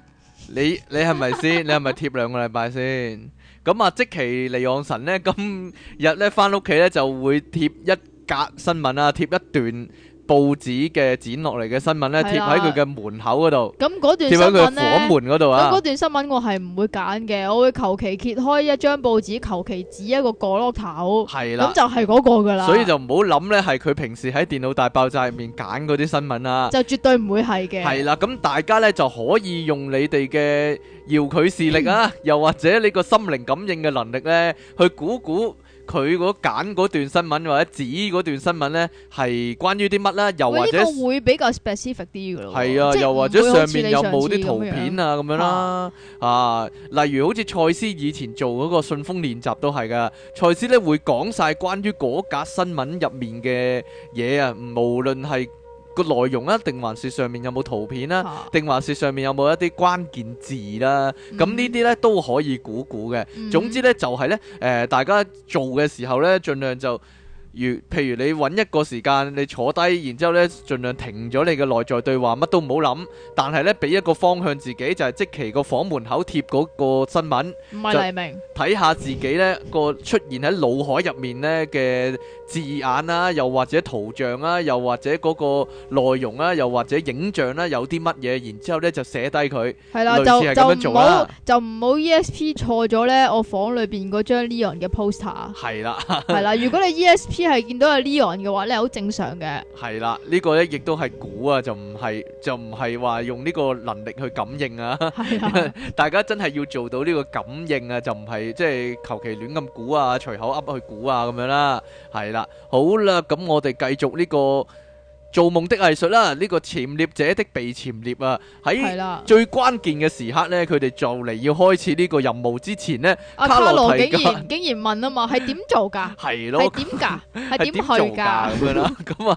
<laughs> 你你係咪先？你係咪貼兩個禮拜先？咁 <laughs> 啊，即奇利昂神呢，今日呢翻屋企呢，就會貼一格新聞啊，貼一段。報紙嘅剪落嚟嘅新聞咧，貼喺佢嘅門口嗰度。咁段貼喺佢房門嗰度啊！咁嗰段新聞我係唔會揀嘅，我會求其揭開一張報紙，求其指一個角落頭。係啦的，咁就係嗰個噶啦。所以就唔好諗咧，係佢平時喺電腦大爆炸入面揀嗰啲新聞啊！就絕對唔會係嘅。係啦，咁大家咧就可以用你哋嘅遙距視力啊， <laughs> 又或者你個心靈感應嘅能力咧，去估估。佢嗰揀嗰段新聞或者指嗰段新聞呢，係關於啲乜呢？又或者會比較 specific 啲嘅。係啊，又或者上面又冇啲圖片啊咁樣啦啊，啊，例如好似蔡司以前做嗰個信封練習都係㗎，蔡司呢會講晒關於嗰格新聞入面嘅嘢啊，無論係。個內容啦，定還是上面有冇圖片啦，定、啊、還是上面有冇一啲關鍵字啦，咁、嗯、呢啲咧都可以估估嘅。嗯、總之咧，就係、是、咧，誒、呃、大家做嘅時候咧，盡量就。如譬如你揾一個時間，你坐低，然之後咧，盡量停咗你嘅內在對話，乜都唔好諗。但係咧，俾一個方向自己，就係即其個房門口貼嗰個新聞，唔係黎明。睇下自己咧個出現喺腦海入面咧嘅字眼啦，又或者圖像啦，又或者嗰個內容啊，又或者影像啦，有啲乜嘢，然之後咧就寫低佢。係啦，就就唔好就唔好 ESP 錯咗咧，我房裏邊，嗰張呢樣嘅 poster。係啦，係啦，如果你 E S 即係見到阿 Leon 嘅話咧，好正常嘅。係啦，呢個咧亦都係估啊，就唔係就唔係話用呢個能力去感應啊。係，大家真係要做到呢個感應啊，就唔係即係求其亂咁估啊，隨口噏去估啊咁樣啦。係啦，好啦，咁我哋繼續呢個。做夢的藝術啦，呢、這個潛獵者的被潛獵啊，喺最關鍵嘅時刻呢，佢哋就嚟要開始呢個任務之前咧，啊、卡羅竟然 <laughs> 竟然問啊嘛，係點做噶？係咯，係點噶？係點去噶？咁樣啦，咁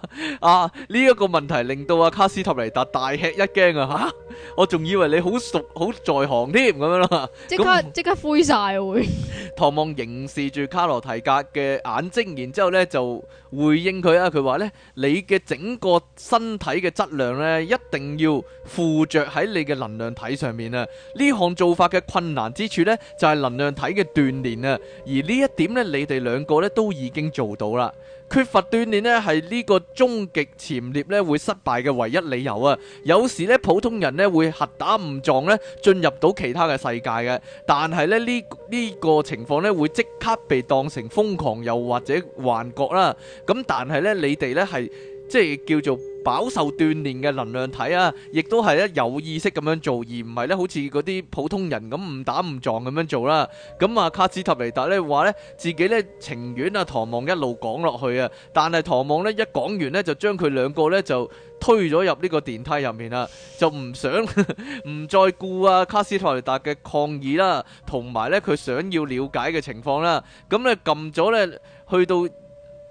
啊，呢、這、一個問題令到阿卡斯塔尼達大吃一驚啊！吓、啊，我仲以為你好熟好在行添咁樣啦，即、啊、刻即 <laughs> 那刻灰晒會 <laughs> ，唐望凝視住卡羅提格嘅眼睛然，然之後咧就。就回應佢啊！佢話呢：「你嘅整個身體嘅質量呢，一定要附着喺你嘅能量體上面啊！」呢項做法嘅困難之處呢，就係能量體嘅鍛煉啊！而呢一點呢，你哋兩個呢，都已經做到啦。缺乏鍛鍊呢，係呢個終極潛獵呢會失敗嘅唯一理由啊！有時呢，普通人呢會誤打誤撞呢進入到其他嘅世界嘅，但係呢呢呢個情況呢會即刻被當成瘋狂又或者幻覺啦。咁但係呢，你哋呢係。即係叫做飽受鍛鍊嘅能量體啊，亦都係咧有意識咁樣做，而唔係咧好似嗰啲普通人咁誤打誤撞咁樣做啦。咁啊，卡斯塔尼達咧話咧，自己咧情願啊，唐望一路講落去啊，但係唐望咧一講完咧，就將佢兩個咧就推咗入呢個電梯入面啦，就唔想唔再顧啊卡斯塔尼達嘅抗議啦，同埋咧佢想要了解嘅情況啦。咁咧撳咗咧去到，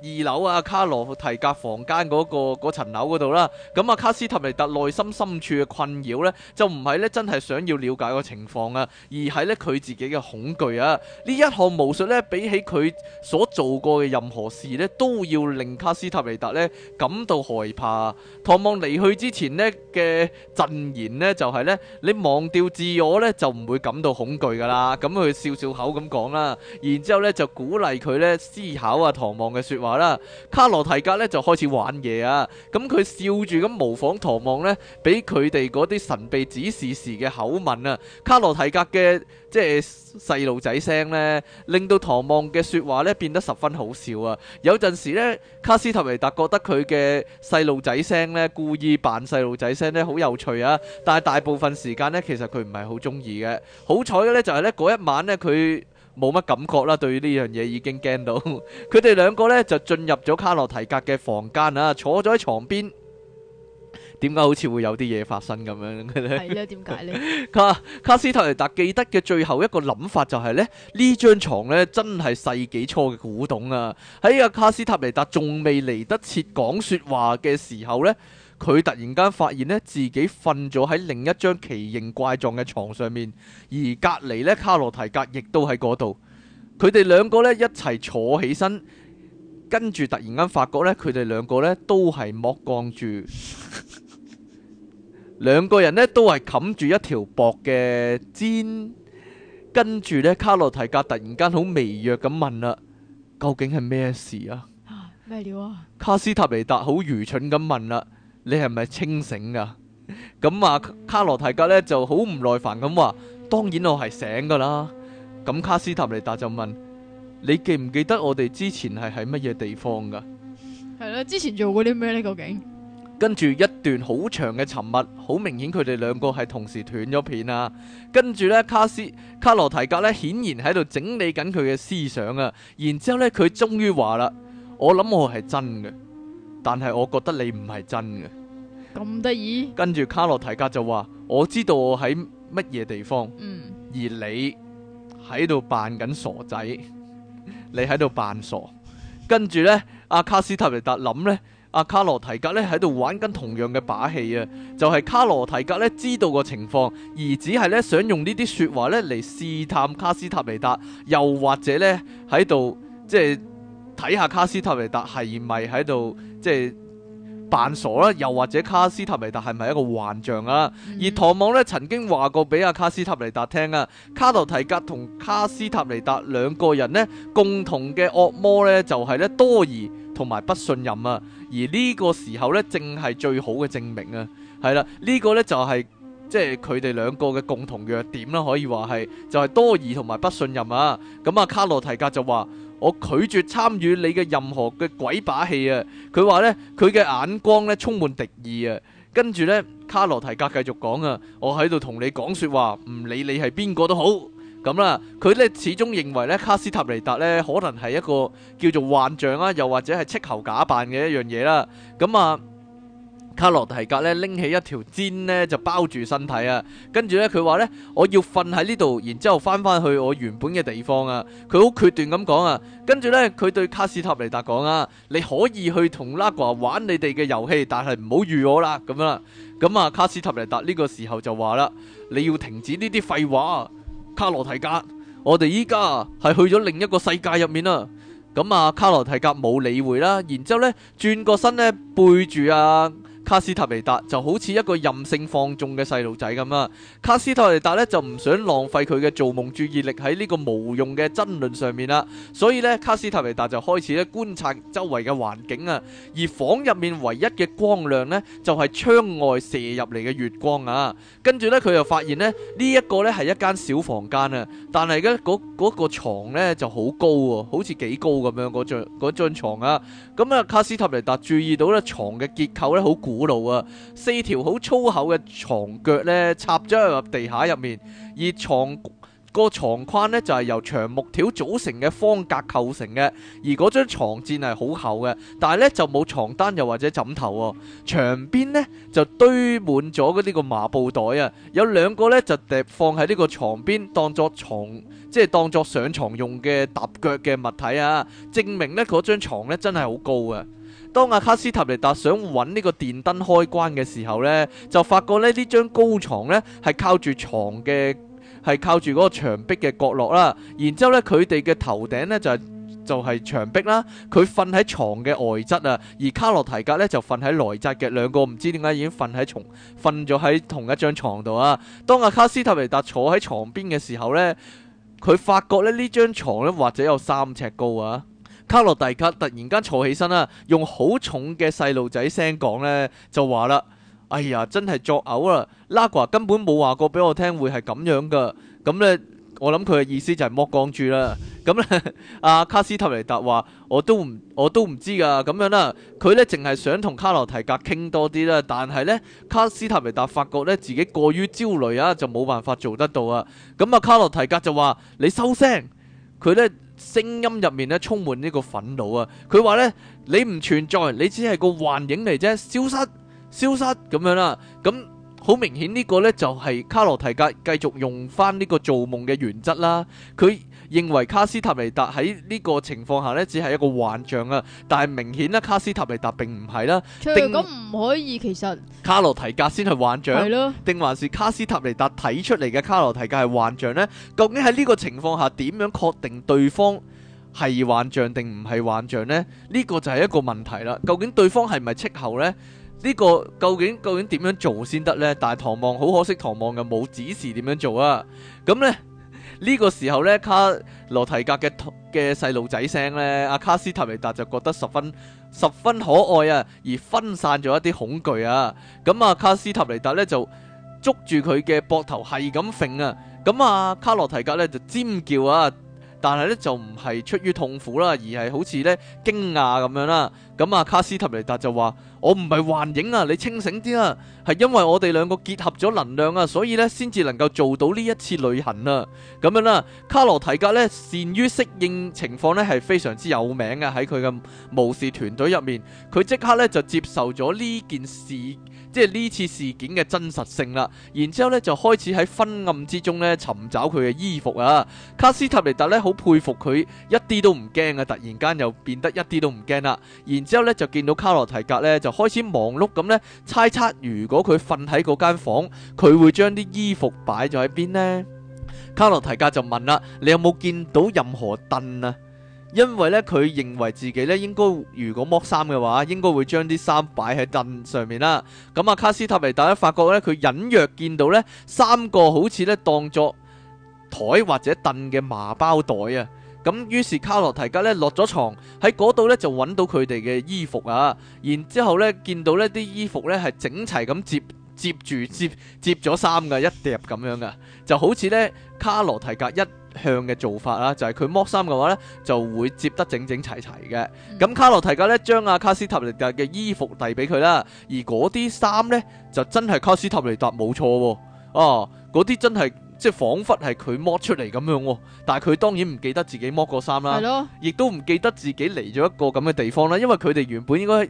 二樓啊，卡羅提格房間嗰個嗰層樓度啦。咁啊，卡斯塔尼特內心深處嘅困擾咧，就唔係咧真係想要了解個情況啊，而係咧佢自己嘅恐懼啊。一呢一項巫術咧，比起佢所做過嘅任何事咧，都要令卡斯塔尼特咧感到害怕。唐望離去之前咧嘅陣言咧，就係、是、咧你忘掉自我咧，就唔會感到恐懼噶啦。咁佢笑笑口咁講啦，然之後咧就鼓勵佢咧思考啊，唐望嘅說話。啦，卡羅提格咧就開始玩嘢啊！咁佢笑住咁模仿唐望呢，俾佢哋嗰啲神秘指示時嘅口吻啊，卡羅提格嘅即係細路仔聲呢，聲令到唐望嘅說話呢變得十分好笑啊！有陣時呢，卡斯特維達覺得佢嘅細路仔聲呢，故意扮細路仔聲呢，好有趣啊！但係大部分時間呢，其實佢唔係好中意嘅。好彩嘅呢，就係呢嗰一晚呢，佢。冇乜感覺啦，對於呢樣嘢已經驚到佢哋兩個呢，就進入咗卡洛提格嘅房間啊，坐咗喺床邊。點解好似會有啲嘢發生咁樣咧？係啊， <laughs> 點解咧？卡卡斯塔尼達記得嘅最後一個諗法就係咧，呢張床呢，真係世紀初嘅古董啊！喺阿卡斯塔尼達仲未嚟得切講說話嘅時候呢，佢突然間發現咧，自己瞓咗喺另一張奇形怪狀嘅床上面，而隔籬咧卡洛提格，亦都喺嗰度。佢哋兩個咧一齊坐起身，跟住突然間發覺咧，佢哋兩個咧都係莫降住，兩 <laughs> 個人咧都係冚住一條薄嘅氈。跟住咧，卡洛提格突然間好微弱咁問啦：究竟係咩事啊？咩料啊？卡斯塔尼達好愚蠢咁問啦。你係咪清醒噶？咁啊，卡羅提格咧就好唔耐煩咁話，當然我係醒噶啦。咁卡斯塔尼達就問：你記唔記得我哋之前係喺乜嘢地方噶？係啦，之前做過啲咩呢？究竟？跟住一段好長嘅沉默，好明顯佢哋兩個係同時斷咗片啊。跟住咧，卡斯卡羅提格咧顯然喺度整理緊佢嘅思想啊。然之後咧，佢終於話啦：我諗我係真嘅。但係我覺得你唔係真嘅，咁得意。跟住卡洛提格就話：我知道我喺乜嘢地方，嗯、而你喺度扮緊傻仔，你喺度扮傻。跟住呢，阿卡斯塔尼達諗呢阿卡洛提格呢喺度玩緊同樣嘅把戲啊！就係、是、卡洛提格呢知道個情況，而只係呢想用呢啲說話呢嚟試探卡斯塔尼達，又或者呢喺度即係。睇下卡斯塔尼達係咪喺度即係扮傻啦，又或者卡斯塔尼達係咪一個幻象啊？而唐望咧曾經話過俾阿卡斯塔尼達聽啊，卡洛提格同卡斯塔尼達兩個人呢共同嘅惡魔呢，就係咧多疑同埋不信任啊。而呢個時候呢，正係最好嘅證明啊，係啦，呢個呢就係即係佢哋兩個嘅共同弱點啦，可以話係就係多疑同埋不信任啊。咁啊，卡洛提格就話。我拒絕參與你嘅任何嘅鬼把戲啊！佢話咧，佢嘅眼光咧充滿敵意啊！跟住咧，卡洛提格繼續講啊，我喺度同你講説話，唔理你係邊個都好咁啦。佢咧始終認為咧，卡斯塔尼達咧可能係一個叫做幻象啊，又或者係赤猴假扮嘅一樣嘢啦。咁啊～卡洛提格咧拎起一條氈咧就包住身體啊，跟住咧佢話咧，我要瞓喺呢度，然之後翻翻去我原本嘅地方啊。佢好決斷咁講啊，跟住咧佢對卡斯塔尼達講啊，你可以去同拉瓜玩你哋嘅遊戲，但係唔好預我啦咁樣啦。咁啊，卡斯塔尼達呢個時候就話啦，你要停止呢啲廢話卡洛提格，我哋依家啊係去咗另一個世界入面啦。咁啊，卡洛提格冇理會啦，然之後咧轉個身咧背住啊。卡斯特維達就好似一個任性放縱嘅細路仔咁啊！卡斯特維達呢就唔想浪費佢嘅做夢注意力喺呢個無用嘅爭論上面啦，所以呢，卡斯特維達就開始咧觀察周圍嘅環境啊！而房入面唯一嘅光亮呢，就係窗外射入嚟嘅月光啊！跟住呢，佢又發現呢，呢一個呢係一間小房間啊！但係嗰嗰個床呢就好高喎，好似幾高咁樣嗰張張床啊！咁啊，卡斯塔尼達注意到牀嘅結構好古老啊，四條好粗厚嘅床腳插咗入地下入面，而床。個床框呢，就係由長木條組成嘅方格構成嘅，而嗰張床墊係好厚嘅，但係呢就冇床單又或者枕頭喎。牆邊呢，就堆滿咗嘅呢個麻布袋啊，有兩個呢，就疊放喺呢個床邊，當作床即係當作上床用嘅踏腳嘅物體啊，證明呢，嗰張床呢真係好高啊。當阿卡斯塔尼達想揾呢個電燈開關嘅時候呢，就發覺呢呢張高床呢係靠住床嘅。係靠住嗰個牆壁嘅角落啦，然之後呢，佢哋嘅頭頂呢、就係，就係就係牆壁啦。佢瞓喺床嘅外側啊，而卡洛提格呢，就瞓喺內側嘅兩個唔知點解已經瞓喺床瞓咗喺同一張床度啊。當阿卡斯塔特維達坐喺床邊嘅時候呢，佢發覺呢呢張床呢，或者有三尺高啊。卡洛提格突然間坐起身啦，用好重嘅細路仔聲講呢，就話啦。哎呀，真係作嘔啦！拉瓜根本冇話過俾我聽會係咁樣噶，咁咧我諗佢嘅意思就係剝光住啦。咁咧，阿卡斯塔尼達話我都唔我都唔知噶，咁樣啦，佢咧淨係想同卡洛提格傾多啲啦，但係咧卡斯塔尼達發覺咧自己過於焦慮啊，就冇辦法做得到啊。咁啊，卡洛提格就話你收聲，佢咧聲音入面咧充滿呢個憤怒啊。佢話咧你唔存在，你只係個幻影嚟啫，消失。消失咁樣啦，咁好明顯呢個呢，就係卡洛提格繼續用翻呢個做夢嘅原則啦。佢認為卡斯塔尼達喺呢個情況下呢，只係一個幻象啊，但係明顯呢，卡斯塔尼達並唔係啦。了定果唔可以，其實卡洛提格先係幻象，定的還是卡斯塔尼達睇出嚟嘅卡洛提格係幻象呢？究竟喺呢個情況下點樣確定對方係幻象定唔係幻象呢？呢、這個就係一個問題啦。究竟對方係咪斥候呢？呢個究竟究竟點樣做先得呢？但係唐望好可惜，唐望又冇指示點樣做啊！咁、嗯、呢，呢、呢個時候呢，卡羅提格嘅嘅細路仔聲呢，阿卡斯塔尼達就覺得十分十分可愛啊，而分散咗一啲恐懼啊！咁、嗯、啊，卡斯塔尼達呢就捉住佢嘅膊頭係咁揈啊！咁、嗯、啊，卡羅提格呢就尖叫啊！但係咧就唔係出於痛苦啦，而係好似咧驚訝咁樣啦。咁啊，卡斯特尼達就話：我唔係幻影啊，你清醒啲啦啊。係因為我哋兩個結合咗能量啊，所以咧先至能夠做到呢一次旅行啊。咁樣啦，卡羅提格咧善於適應情況咧係非常之有名嘅喺佢嘅無視團隊入面，佢即刻咧就接受咗呢件事。即係呢次事件嘅真實性啦，然之後呢，就開始喺昏暗之中咧尋找佢嘅衣服啊。卡斯塔尼特呢，好佩服佢，一啲都唔驚啊！突然間又變得一啲都唔驚啦。然之後呢，就見到卡洛提格呢，就開始忙碌咁呢猜測，如果佢瞓喺嗰間房，佢會將啲衣服擺咗喺邊呢？卡洛提格就問啦：你有冇見到任何凳啊？因為咧，佢認為自己咧應該如果剝衫嘅話，應該會將啲衫擺喺凳上面啦。咁啊，卡斯塔尼達發覺咧，佢隱約見到咧三個好似咧當作台或者凳嘅麻包袋啊。咁於是卡洛提格咧落咗床喺嗰度咧就揾到佢哋嘅衣服啊。然之後咧見到咧啲衣服咧係整齊咁接接住接接咗衫嘅一疊咁樣噶，就好似咧卡洛提格一。向嘅做法啦，就係佢剝衫嘅話呢，就會摺得整整齊齊嘅。咁、嗯、卡洛提格呢，將阿卡斯塔尼達嘅衣服遞俾佢啦。而嗰啲衫呢，就真係卡斯塔尼達冇錯喎、啊。啊，嗰啲真係即係彷彿係佢剝出嚟咁樣。但係佢當然唔記得自己剝過衫啦，亦咯都唔記得自己嚟咗一個咁嘅地方啦。因為佢哋原本應該。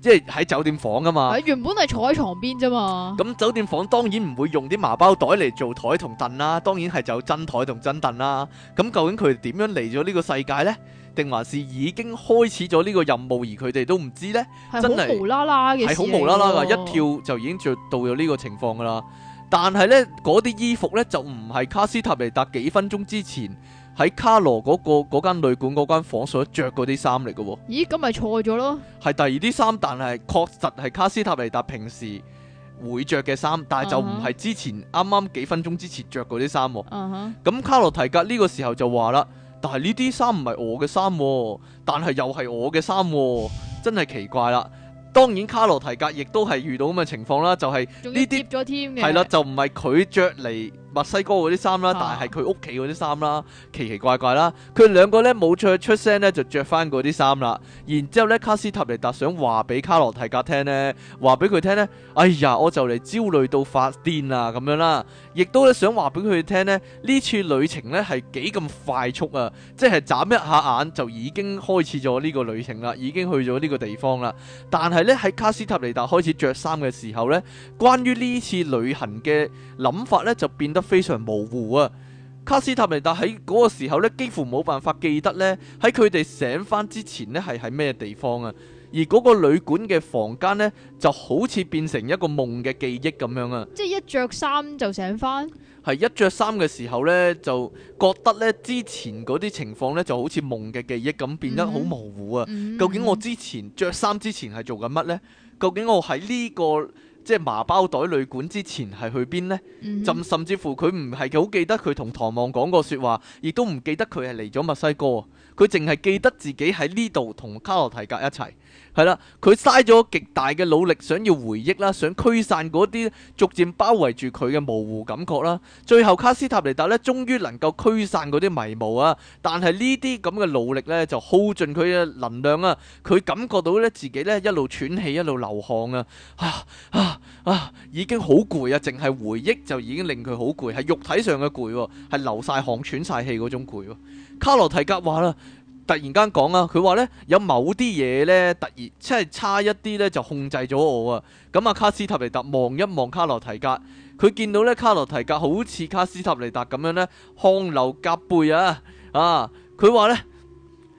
即係喺酒店房㗎嘛，原本係坐喺床邊啫嘛。咁酒店房當然唔會用啲麻包袋嚟做台同凳啦，當然係就真台同真凳啦。咁究竟佢哋點樣嚟咗呢個世界呢？定還是已經開始咗呢個任務而佢哋都唔知呢？係好無啦啦嘅，係好無啦啦噶，一跳就已經着到有呢個情況噶啦。但係呢嗰啲衣服呢，就唔係卡斯塔尼達幾分鐘之前，喺卡羅嗰、嗰個嗰間旅館嗰間房間所着嗰啲衫嚟嘅喎。咦，咁咪錯咗咯？係第二啲衫，但係確實係卡斯塔尼達平時會着嘅衫，但係就唔係之前啱啱、uh huh. 幾分鐘之前着嗰啲衫。咁、uh huh. 卡羅提格呢個時候就話啦，但係呢啲衫唔係我嘅衫，但係又係我嘅衫，真係奇怪啦。當然卡羅提格亦都係遇到咁嘅情況啦，就係呢啲係啦，就唔係佢着嚟。墨西哥嗰啲衫啦，但係佢屋企嗰啲衫啦，奇奇怪怪啦。佢兩個咧冇再出聲咧，就着翻嗰啲衫啦。然之後咧，卡斯塔尼達想話俾卡洛提格聽咧，話俾佢聽咧，哎呀，我就嚟焦慮到發癲啦咁樣啦。亦都咧想話俾佢聽咧，呢次旅程咧係幾咁快速啊！即係眨一下眼就已經開始咗呢個旅程啦，已經去咗呢個地方啦。但係咧喺卡斯塔尼達開始着衫嘅時候咧，關於呢次旅行嘅諗法咧就變得。非常模糊啊！卡斯塔尼達喺嗰個時候呢，幾乎冇辦法記得呢，喺佢哋醒翻之前呢，係喺咩地方啊？而嗰個旅館嘅房間呢，就好似變成一個夢嘅記憶咁樣啊！即係一着衫就醒翻，係一着衫嘅時候呢，就覺得呢之前嗰啲情況呢，就好似夢嘅記憶咁，變得好模糊啊！嗯嗯嗯嗯嗯。究竟我之前着衫之前係做緊乜呢？究竟我喺呢個？即係麻包袋旅館之前係去邊呢？甚、mm hmm. 甚至乎佢唔係好記得佢同唐望講過説話，亦都唔記得佢係嚟咗墨西哥，佢淨係記得自己喺呢度同卡洛提格一齊。係啦，佢嘥咗極大嘅努力，想要回憶啦，想驅散嗰啲逐漸包圍住佢嘅模糊感覺啦。最後卡斯塔尼達咧，終於能夠驅散嗰啲迷霧啊！但係呢啲咁嘅努力呢，就耗盡佢嘅能量啊！佢感覺到呢，自己呢一路喘氣，一路流汗啊！啊啊啊！已經好攰啊，淨係回憶就已經令佢好攰，係肉體上嘅攰，啊，係流晒汗、喘晒氣嗰種攰，啊。卡羅提格話啦。突然間講啊，佢話呢，有某啲嘢呢，突然即係差一啲呢，就控制咗我啊！咁啊，卡斯塔尼達望一望卡洛提格，佢見到呢，卡洛提格好似卡斯塔尼達咁樣呢，汗流浹背啊！啊，佢話呢，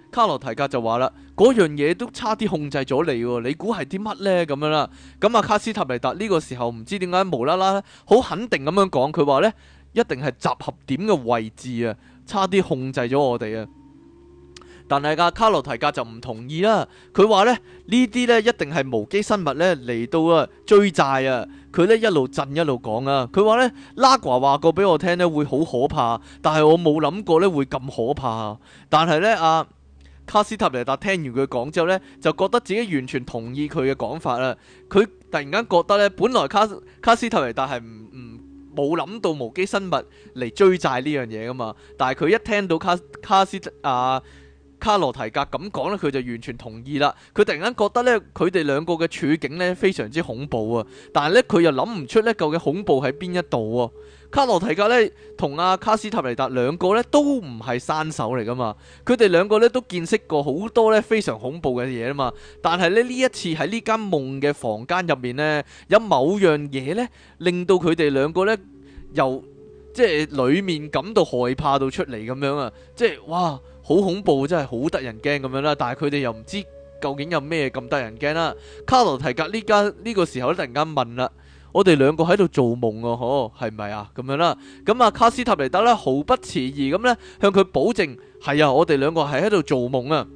卡洛提格就話啦，「嗰樣嘢都差啲控制咗你喎，啊，你估係啲乜呢？」咁樣啦，咁啊，卡斯塔尼達呢個時候唔知點解無啦啦好肯定咁樣講，佢話呢，一定係集合點嘅位置啊，差啲控制咗我哋啊！但係啊，卡洛提格就唔同意啦。佢話咧，呢啲咧，一定係無機生物咧，嚟到啊追債啊。佢咧一路震一路講啊。佢話咧，拉瓜話過俾我聽咧，會好可怕，但係我冇諗過咧會咁可怕。但係呢，阿、啊、卡斯塔尼達聽完佢講之後呢，就覺得自己完全同意佢嘅講法啦。佢突然間覺得呢，本來卡卡斯塔尼達係唔唔冇諗到無機生物嚟追債呢樣嘢㗎嘛，但係佢一聽到卡卡斯啊～卡羅提格咁講呢，佢就完全同意啦。佢突然間覺得呢，佢哋兩個嘅處境呢，非常之恐怖啊！但係呢，佢又諗唔出呢，究竟恐怖喺邊一度喎？卡羅提格呢同阿卡斯塔尼達兩個呢都唔係新手嚟噶嘛？佢哋兩個呢都見識過好多呢非常恐怖嘅嘢啊嘛！但係呢，呢一次喺呢間夢嘅房間入面呢，有某樣嘢呢令到佢哋兩個呢由即係裏面感到害怕到出嚟咁樣啊！即係哇～好恐怖真係好得人驚咁樣啦，但係佢哋又唔知究竟有咩咁得人驚啦。卡羅提格呢間呢個時候咧突然間問啦：我哋兩個喺度做夢啊，嗬，係咪啊？咁樣啦，咁啊卡斯塔尼達咧毫不遲疑咁咧向佢保證：係啊，我哋兩個係喺度做夢啊。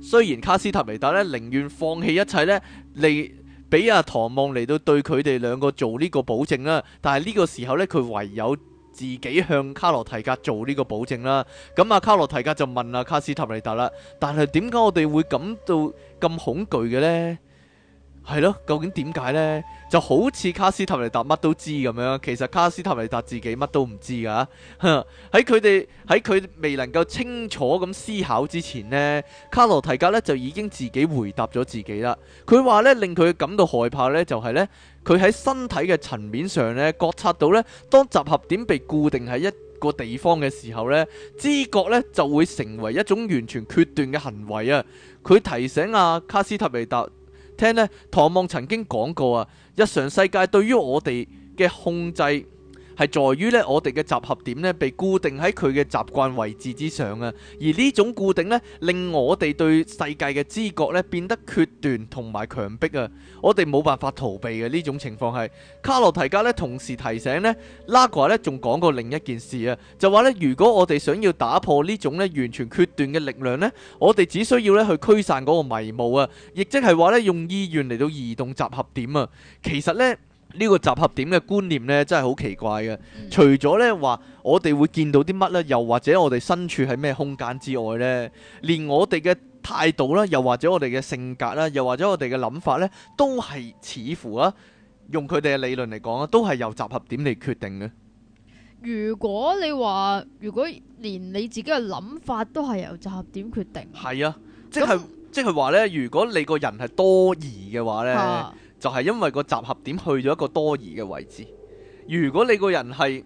雖然卡斯塔尼達咧寧願放棄一切咧嚟俾阿唐望嚟到對佢哋兩個做呢個保證啦，但係呢個時候咧佢唯有。自己向卡洛提格做呢個保證啦，咁啊卡洛提格就問阿卡斯塔利達啦，但係點解我哋會感到咁恐懼嘅呢？係咯，究竟點解呢？就好似卡斯塔尼達乜都知咁樣，其實卡斯塔尼達自己乜都唔知噶吓、啊。喺佢哋喺佢未能夠清楚咁思考之前呢，卡羅提格呢就已經自己回答咗自己啦。佢話呢，令佢感到害怕呢，就係呢，佢喺身體嘅層面上呢，覺察到呢，當集合點被固定喺一個地方嘅時候呢，知覺呢就會成為一種完全決斷嘅行為啊！佢提醒阿卡斯塔尼達。聽咧，唐望曾經講過啊，日常世界對於我哋嘅控制。係在於咧，我哋嘅集合點咧被固定喺佢嘅習慣位置之上啊，而呢種固定咧令我哋對世界嘅知覺咧變得決斷同埋強迫啊，我哋冇辦法逃避嘅呢種情況係。卡洛提加咧同時提醒呢，拉瓜咧仲講過另一件事啊，就話咧如果我哋想要打破呢種咧完全決斷嘅力量咧，我哋只需要咧去驅散嗰個迷霧啊，亦即係話咧用意願嚟到移動集合點啊，其實呢。呢個集合點嘅觀念呢，真係好奇怪嘅。嗯、除咗呢話，我哋會見到啲乜呢？又或者我哋身處喺咩空間之外呢？連我哋嘅態度啦，又或者我哋嘅性格啦，又或者我哋嘅諗法呢，都係似乎啊，用佢哋嘅理論嚟講啊，都係由集合點嚟決定嘅。如果你話，如果連你自己嘅諗法都係由集合點決定，係啊，即係、嗯、即係話呢，如果你個人係多疑嘅話呢。啊就係因為個集合點去咗一個多疑嘅位置。如果你個人係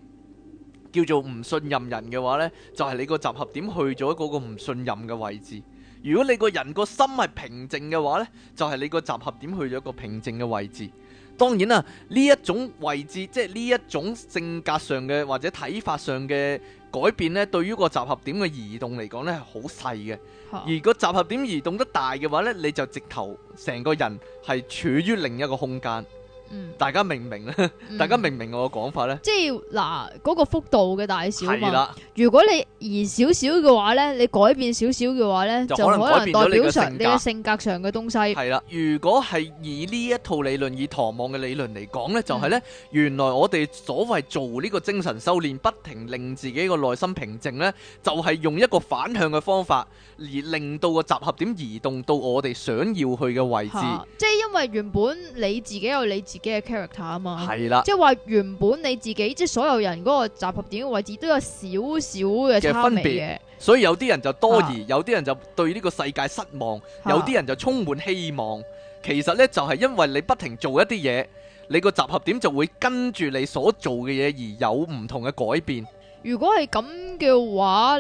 叫做唔信任人嘅話呢，就係你個集合點去咗嗰個唔信任嘅位置。如果你個人個心係平靜嘅話呢，就係你個集合點去咗一個平靜嘅位置。當然啊，呢一種位置，即係呢一種性格上嘅或者睇法上嘅。改變咧，對於個集合點嘅移動嚟講咧，係好細嘅。啊、而個集合點移動得大嘅話咧，你就直頭成個人係處於另一個空間。嗯、大家明唔明咧？ <laughs> 大家明唔明我嘅講法咧？即係嗱，嗰、那個幅度嘅大小嘛。的如果你移少少嘅話咧，你改變少少嘅話咧，就可能代表上你嘅性，性格上嘅東西。係啦，如果係以呢一套理論，以唐望嘅理論嚟講咧，就係、是、咧，嗯、原來我哋所謂做呢個精神修煉，不停令自己個內心平靜咧，就係、是、用一個反向嘅方法，而令到個集合點移動到我哋想要去嘅位置。即係因為原本你自己有你自自己嘅 character 啊嘛，係啦，即係話原本你自己，即係所有人嗰個集合點嘅位置都有少少嘅分別嘅，所以有啲人就多疑，有啲人就對呢個世界失望，有啲人就充滿希望。其實呢，就係因為你不停做一啲嘢，你個集合點就會跟住你所做嘅嘢而有唔同嘅改變。如果係咁嘅話。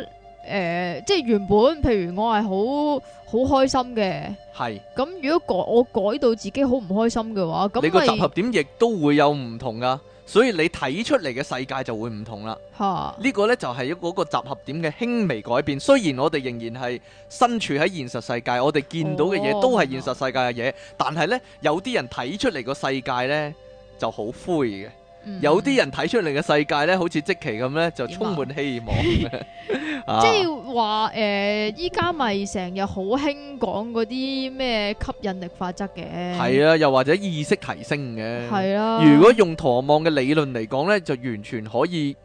誒、呃，即係原本，譬如我係好好開心嘅，係咁是如果改我改到自己好唔開心嘅話，咁你個集合點亦都會有唔同噶，所以你睇出嚟嘅世界就會唔同啦。吓呢個呢就係一個個集合點嘅輕微改變，雖然我哋仍然係身處喺現實世界，我哋見到嘅嘢都係現實世界嘅嘢，哦、但係呢，有啲人睇出嚟個世界呢就好灰嘅。嗯、有啲人睇出嚟嘅世界呢，好似即期咁呢，就充滿希望。即係話誒，依家咪成日好興講嗰啲咩吸引力法則嘅。係啊，又或者意識提升嘅。係啦、啊。如果用唐望嘅理論嚟講呢，就完全可以，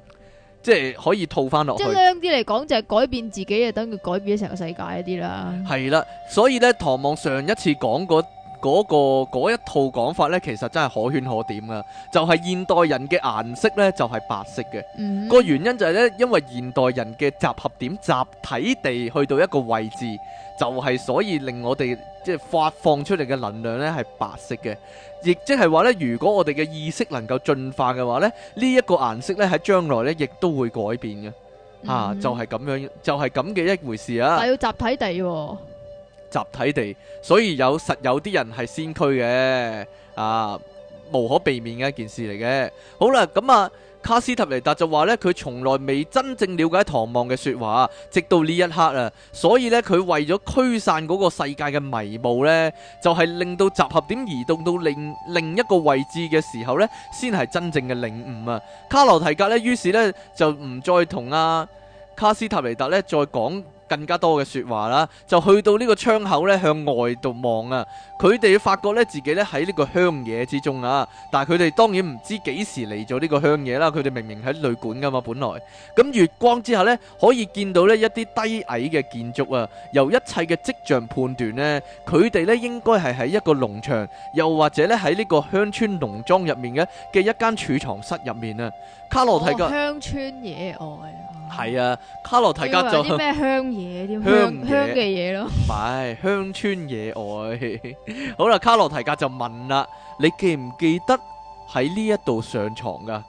即係可以套翻落去。即係啲嚟講就係、是、改變自己，就等於改變咗成個世界一啲啦。係啦、啊，所以呢，唐望上一次講過。嗰、那個嗰一套講法呢，其實真係可圈可點噶。就係、是、現代人嘅顏色呢，就係、是、白色嘅。嗯、個原因就係呢，因為現代人嘅集合點集體地去到一個位置，就係、是、所以令我哋即係發放出嚟嘅能量呢，係白色嘅。亦即係話呢，如果我哋嘅意識能夠進化嘅話呢，呢、這、一個顏色呢，喺將來呢亦都會改變嘅。啊，嗯、就係咁樣，就係咁嘅一回事啊。係要集體地喎、哦。集體地，所以有實有啲人係先驅嘅，啊，無可避免嘅一件事嚟嘅。好啦，咁啊，卡斯塔尼達就話呢，佢從來未真正了解唐望嘅說話，直到呢一刻啊。所以呢，佢為咗驅散嗰個世界嘅迷霧呢，就係、是、令到集合點移動到另另一個位置嘅時候呢，先係真正嘅領悟啊。卡羅提格呢，於是呢，就唔再同阿、啊、卡斯塔尼達呢再講。更加多嘅説話啦，就去到呢個窗口咧，向外度望啊！佢哋發覺咧，自己咧喺呢個鄉野之中啊！但係佢哋當然唔知幾時嚟咗呢個鄉野啦，佢哋明明喺旅館㗎嘛，本來咁月光之下呢，可以見到呢一啲低矮嘅建築啊！由一切嘅跡象判斷呢，佢哋咧應該係喺一個農場，又或者呢喺呢個鄉村農莊入面嘅嘅一間儲藏室入面啊！卡洛提格鄉村野外，係 <laughs> 啊！卡洛提格就咩鄉野添，鄉嘅嘢咯。唔係鄉村野外。好啦，卡洛提格就問啦：你記唔記得喺呢一度上床噶？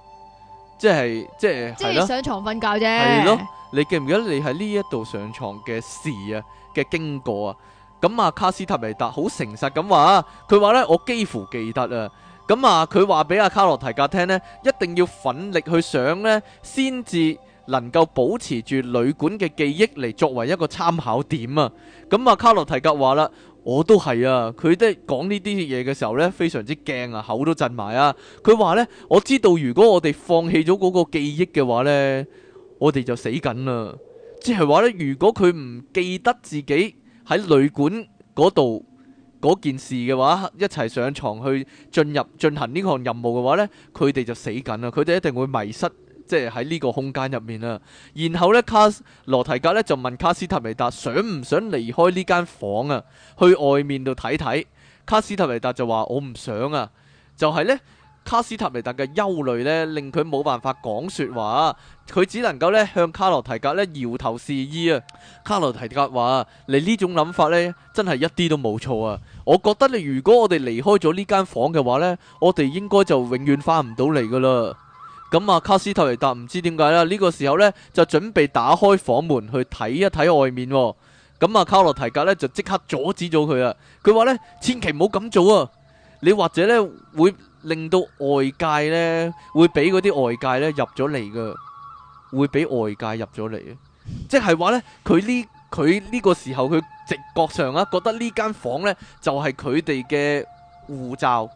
即係即係，即係上床瞓覺啫。係咯。你記唔記得你喺呢一度上床嘅事啊？嘅經過啊？咁啊，卡斯塔尼達好誠實咁話佢話咧，我幾乎記得啊。咁啊，佢話俾阿卡洛提格聽呢，一定要奮力去想呢，先至能夠保持住旅館嘅記憶嚟作為一個參考點啊！咁、嗯、啊，卡洛提格話啦：我都係啊！佢即係講呢啲嘢嘅時候呢，非常之驚啊，口都震埋啊！佢話呢，我知道如果我哋放棄咗嗰個記憶嘅話呢，我哋就死緊啦！即係話呢，如果佢唔記得自己喺旅館嗰度嗰件事嘅話，一齊上床去進入進行呢項任務嘅話呢，佢哋就死緊啦！佢哋一定會迷失，即係喺呢個空間入面啦。然後呢，卡羅提格呢就問卡斯塔維達想唔想離開呢間房啊？去外面度睇睇。卡斯塔維達就話：我唔想啊！就係呢。」卡斯塔尼達嘅憂慮咧，令佢冇辦法講說話，佢只能夠咧向卡洛提格咧搖頭示意啊。卡洛提格話：「你呢種諗法咧，真係一啲都冇錯啊！我覺得咧，如果我哋離開咗呢間房嘅話呢，我哋應該就永遠翻唔到嚟噶啦。咁啊，卡斯塔尼達唔知點解啦，呢個時候呢就準備打開房門去睇一睇外面。咁啊，卡洛提格呢就即刻阻止咗佢啊。佢話呢：「千祈唔好咁做啊！你或者呢會，令到外界呢會俾嗰啲外界呢入咗嚟噶，會俾外界入咗嚟啊！即係話咧，佢呢佢呢個時候，佢直覺上啊，覺得呢間房呢就係佢哋嘅護罩。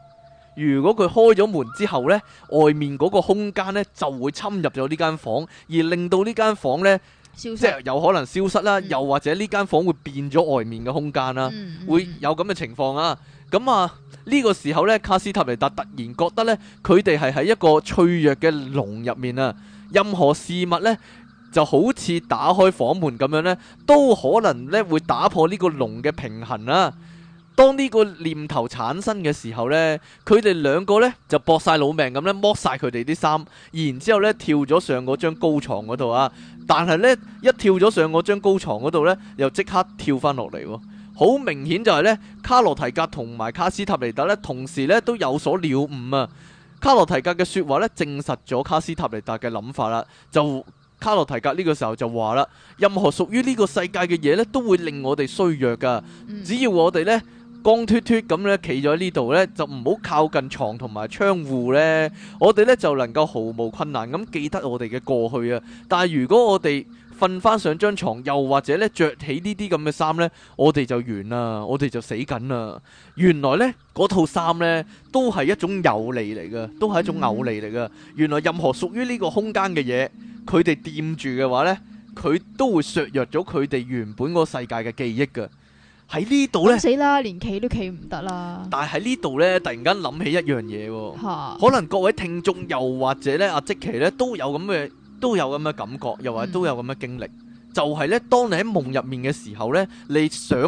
如果佢開咗門之後呢，外面嗰個空間呢就會侵入咗呢間房，而令到呢間房呢失即係有可能消失啦，嗯、又或者呢間房會變咗外面嘅空間啦、啊，嗯嗯、會有咁嘅情況啊！咁啊，呢個時候呢，卡斯塔尼達突然覺得呢，佢哋係喺一個脆弱嘅籠入面啊，任何事物呢，就好似打開房門咁樣呢，都可能呢會打破呢個籠嘅平衡啊。當呢個念頭產生嘅時候呢，佢哋兩個呢就搏晒老命咁咧，剝晒佢哋啲衫，然之後呢跳咗上嗰張高床嗰度啊。但係呢，一跳咗上嗰張高床嗰度呢，又即刻跳翻落嚟。好明顯就係咧，卡洛提格同埋卡斯塔尼達咧，同時咧都有所了悟啊！卡洛提格嘅説話咧，證實咗卡斯塔尼達嘅諗法啦。就卡洛提格呢個時候就話啦，任何屬於呢個世界嘅嘢咧，都會令我哋衰弱噶。只要我哋咧光脱脱咁咧企咗喺呢度咧，就唔好靠近床同埋窗戶咧，我哋咧就能夠毫無困難咁記得我哋嘅過去啊！但係如果我哋瞓翻上張床，又或者咧着起呢啲咁嘅衫呢，我哋就完啦，我哋就死緊啦。原來呢，嗰套衫呢，都係一種有離嚟嘅，都係一種偶離嚟嘅。原來任何屬於呢個空間嘅嘢，佢哋掂住嘅話呢，佢都會削弱咗佢哋原本個世界嘅記憶噶。喺呢度呢，死啦，連企都企唔得啦。但係喺呢度呢，突然間諗起一樣嘢喎，可能各位聽眾又或者呢阿、啊、積琪呢，都有咁嘅。都有咁嘅感覺，又話都有咁嘅經歷，嗯、就係呢，當你喺夢入面嘅時候呢，你想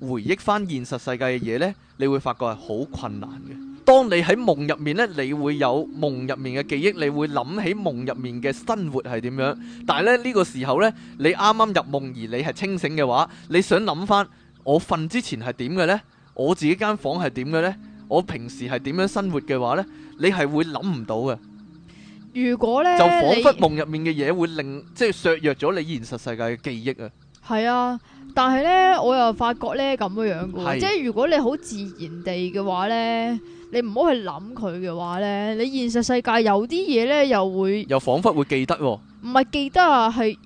回憶翻現實世界嘅嘢呢，你會發覺係好困難嘅。當你喺夢入面呢，你會有夢入面嘅記憶，你會諗起夢入面嘅生活係點樣。但係咧呢、呢個時候呢，你啱啱入夢而你係清醒嘅話，你想諗翻我瞓之前係點嘅呢？我自己間房係點嘅呢？我平時係點樣生活嘅話呢？你係會諗唔到嘅。如果咧，就仿佛，夢入面嘅嘢，會令你即係削弱咗你現實世界嘅記憶啊。係啊，但係咧，我又發覺咧咁樣嘅，是即係如果你好自然地嘅話咧，你唔好去諗佢嘅話咧，你現實世界有啲嘢咧又會又仿佛會記得，哦，唔係記得啊，係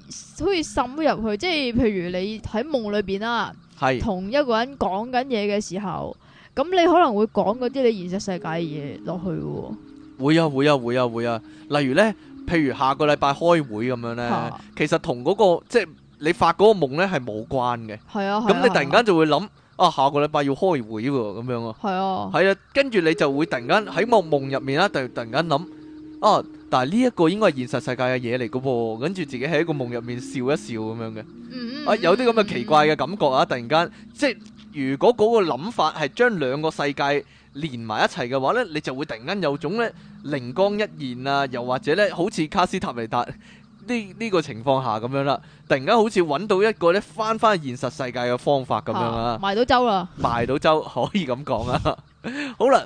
好似滲咗入去，即係譬如你喺夢裏邊啦，啊，係同是一個人講緊嘢嘅時候，咁你可能會講嗰啲你現實世界嘅嘢落去，哦。會啊會啊會啊會啊！例如咧，譬如下個禮拜開會咁樣咧，啊、其實同嗰、嗰個即係你發嗰個夢咧係冇關嘅。係啊，咁、啊、你突然間就會諗啊,啊,啊，下個禮拜要開會喎，咁樣啊。係啊，係啊，跟住你就會突然間喺夢夢入面啊，突突然間諗，啊，但係呢一個應該係現實世界嘅嘢嚟噶噃，跟住自己喺一個夢入面笑一笑咁樣嘅。嗯嗯、啊，有啲咁嘅奇怪嘅感覺啊，突然間，即係如果嗰個諗法係將兩個世界。連埋一齊嘅話呢，你就會突然間有種呢靈光一現啊，又或者呢好似卡斯塔尼達呢呢個情況下咁樣啦，突然間好似揾到一個呢返返現實世界嘅方法咁樣啊，賣到周啊，賣 <laughs> 到周可以咁講啊。 <laughs> 好啦，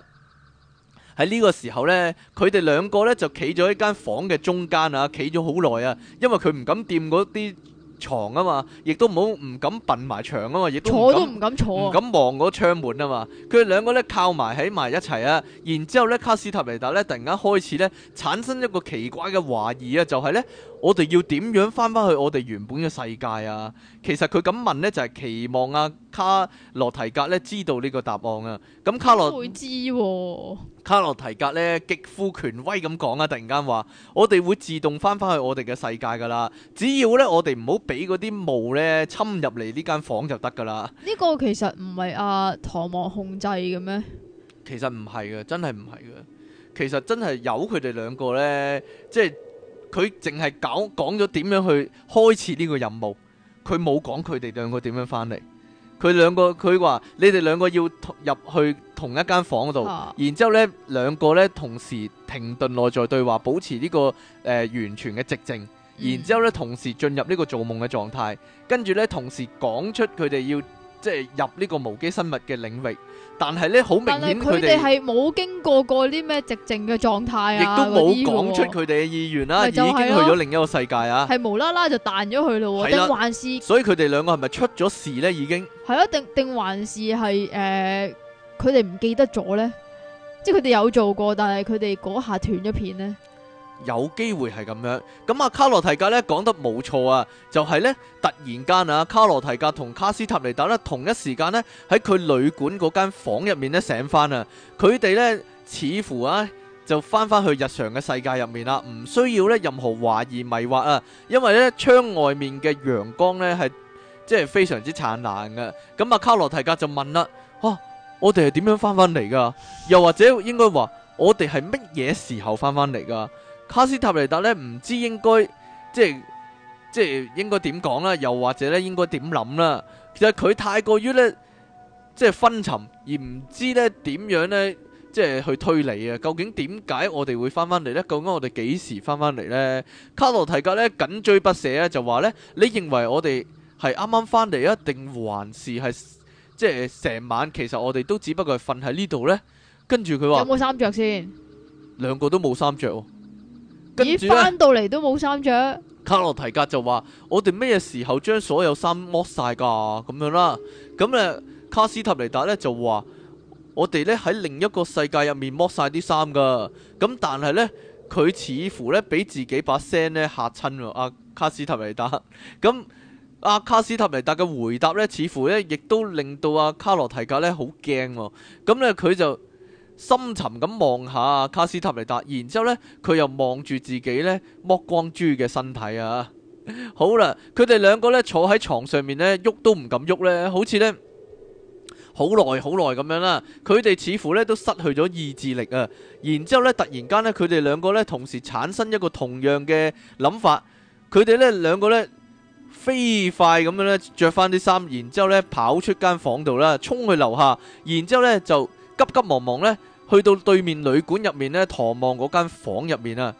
喺呢個時候呢，佢哋兩個呢就企咗喺一間房嘅中間啊，企咗好耐啊，因為佢唔敢掂嗰啲。床啊嘛，亦都唔好唔敢瞓埋牆啊嘛，亦都坐都唔敢坐，啊，唔敢望嗰窗門啊嘛。佢哋兩個咧靠埋喺埋一齊啊，然之後咧卡斯塔尼達咧突然間開始咧產生一個奇怪嘅懷疑啊，就係、是、咧我哋要點樣翻翻去我哋原本嘅世界啊？其實佢咁問咧就係、是、期望啊。卡羅提格咧知道呢個答案啊，咁卡羅會知卡羅提格咧極富權威咁講啊。突然間話我哋會自動翻翻去我哋嘅世界噶啦，只要咧我哋唔好俾嗰啲霧咧侵入嚟呢間房就得噶啦。呢個其實唔係啊，唐望控制嘅咩？其實唔係嘅，真係唔係嘅。其實真係有佢哋兩個咧，即係佢淨係講講咗點樣去開設呢個任務，佢冇講佢哋兩個點樣翻嚟。佢兩個，佢話：你哋兩個要入去同一間房度，啊、然之後咧兩個咧同時停頓內在對話，保持呢、這個誒、呃、完全嘅寂靜，嗯、然之後咧同時進入呢個做夢嘅狀態，跟住咧同時講出佢哋要即係入呢個無機生物嘅領域。但係咧，好明顯佢哋係冇經過過啲咩寂靜嘅狀態啊，亦都冇講出佢哋嘅意願啦、啊，嗯就啊、已經去咗另一個世界啊，係無啦啦就彈咗佢咯，定還是，是？所以佢哋兩個係咪出咗事咧？已經係啊，定定還是係誒，佢哋唔記得咗咧？即係佢哋有做過，但係佢哋嗰下斷咗片咧。有機會係咁樣咁啊！卡洛提格咧講得冇錯啊，就係呢突然間啊，卡洛提格同卡斯塔尼達咧同一時間呢，喺佢旅館嗰間房入面咧醒翻啊。佢哋呢似乎啊就翻翻去日常嘅世界入面啦，唔需要呢任何懷疑迷惑啊。因為呢窗外面嘅陽光呢係即係非常之燦爛嘅。咁啊，卡洛提格就問啦：哦、啊，我哋係點樣翻翻嚟噶？又或者應該話我哋係乜嘢時候翻翻嚟噶？卡斯塔尼達咧唔知應該即係即係應該點講啦，又或者咧應該點諗啦？其實佢太過於咧即係分層，而唔知咧點樣咧即係去推理啊！究竟點解我哋會翻翻嚟咧？究竟我哋幾時翻翻嚟咧？卡羅提格咧緊追不捨啊，就話咧你認為我哋係啱啱翻嚟啊，定還是係即係成晚其實我哋都只不過係瞓喺呢度咧？跟住佢話有冇衫著先？兩個都冇衫著。咦，翻到嚟都冇衫着？卡洛提格就話：我哋咩時候將所有衫剝晒噶？咁樣啦，咁咧卡斯塔尼達咧就話：我哋咧喺另一個世界入面剝晒啲衫噶。咁但係咧，佢似乎咧俾自己把聲咧吓親阿卡斯塔尼達。咁 <laughs> 阿卡斯塔尼達嘅回答咧，似乎咧亦都令到阿卡洛提格咧好驚。咁咧佢就。深沉咁望下卡斯塔尼達，然之後咧佢又望住自己呢，剝光豬嘅身體啊！ <laughs> 好啦，佢哋兩個呢坐喺床上面呢，喐都唔敢喐呢，好似呢好耐好耐咁樣啦。佢哋似乎呢都失去咗意志力啊！然之後咧突然間呢，佢哋兩個呢同時產生一個同樣嘅諗法，佢哋呢兩個呢，飛快咁樣呢着翻啲衫，然之後咧跑出間房度啦，衝去樓下，然之後咧就。急急忙忙咧，去到對面旅館入面咧，唐望嗰間房入面啊，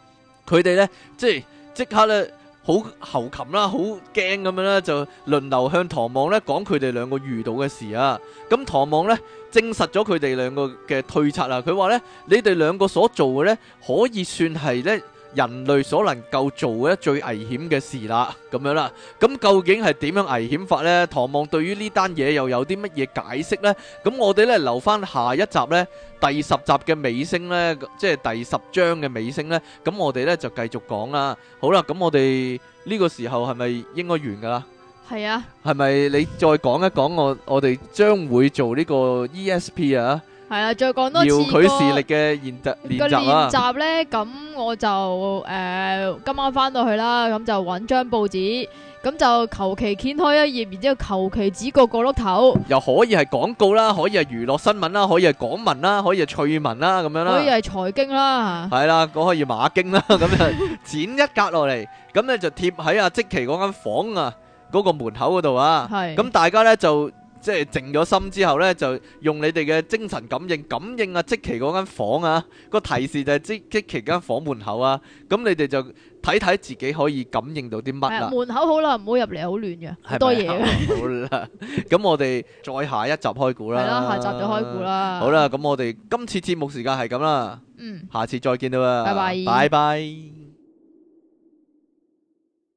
佢哋咧即係即刻咧好猴擒啦，好驚咁樣咧，就輪流向唐望咧講佢哋兩個遇到嘅事啊。咁唐望咧證實咗佢哋兩個嘅推測啊，佢話咧，你哋兩個所做嘅咧可以算係咧。人類所能夠做嘅最危險嘅事啦，咁樣啦，咁究竟係點樣危險法呢？唐望對於呢單嘢又有啲乜嘢解釋呢？咁我哋咧留翻下一集呢，第十集嘅尾聲呢，即係第十章嘅尾聲呢。咁我哋呢就繼續講啦。好啦，咁我哋呢個時候係咪應該完噶啦？係是啊，係咪你再講一講我我哋將會做呢個 ESP 啊？係啊，再講多次要佢視力嘅練習練習啦。個練習咧，咁 <laughs> 我就誒、呃、今晚翻到去啦，咁就搵張報紙，咁就求其掀開一頁，然之後求其指個角落頭。又可以係廣告啦，可以係娛樂新聞啦，可以係港聞啦，可以係趣聞啦，咁樣啦。可以係財經啦。係啦，講可以馬經啦，咁啊 <laughs> <laughs> 剪一格落嚟，咁咧就貼喺阿積奇嗰間房間啊嗰、那個門口嗰度啊。係的。咁大家咧就。即係靜咗心之後咧，就用你哋嘅精神感應感應啊，積奇嗰間房啊，個提示就係積積奇間房門口啊，咁你哋就睇睇自己可以感應到啲乜啦。門口好啦，唔好入嚟，好亂嘅，好多嘢嘅。好啦，咁我哋再下一集開估啦。係啦，下集再開估啦。好啦，咁我哋今次節目時間係咁啦。嗯，下次再見啦。拜拜。拜拜。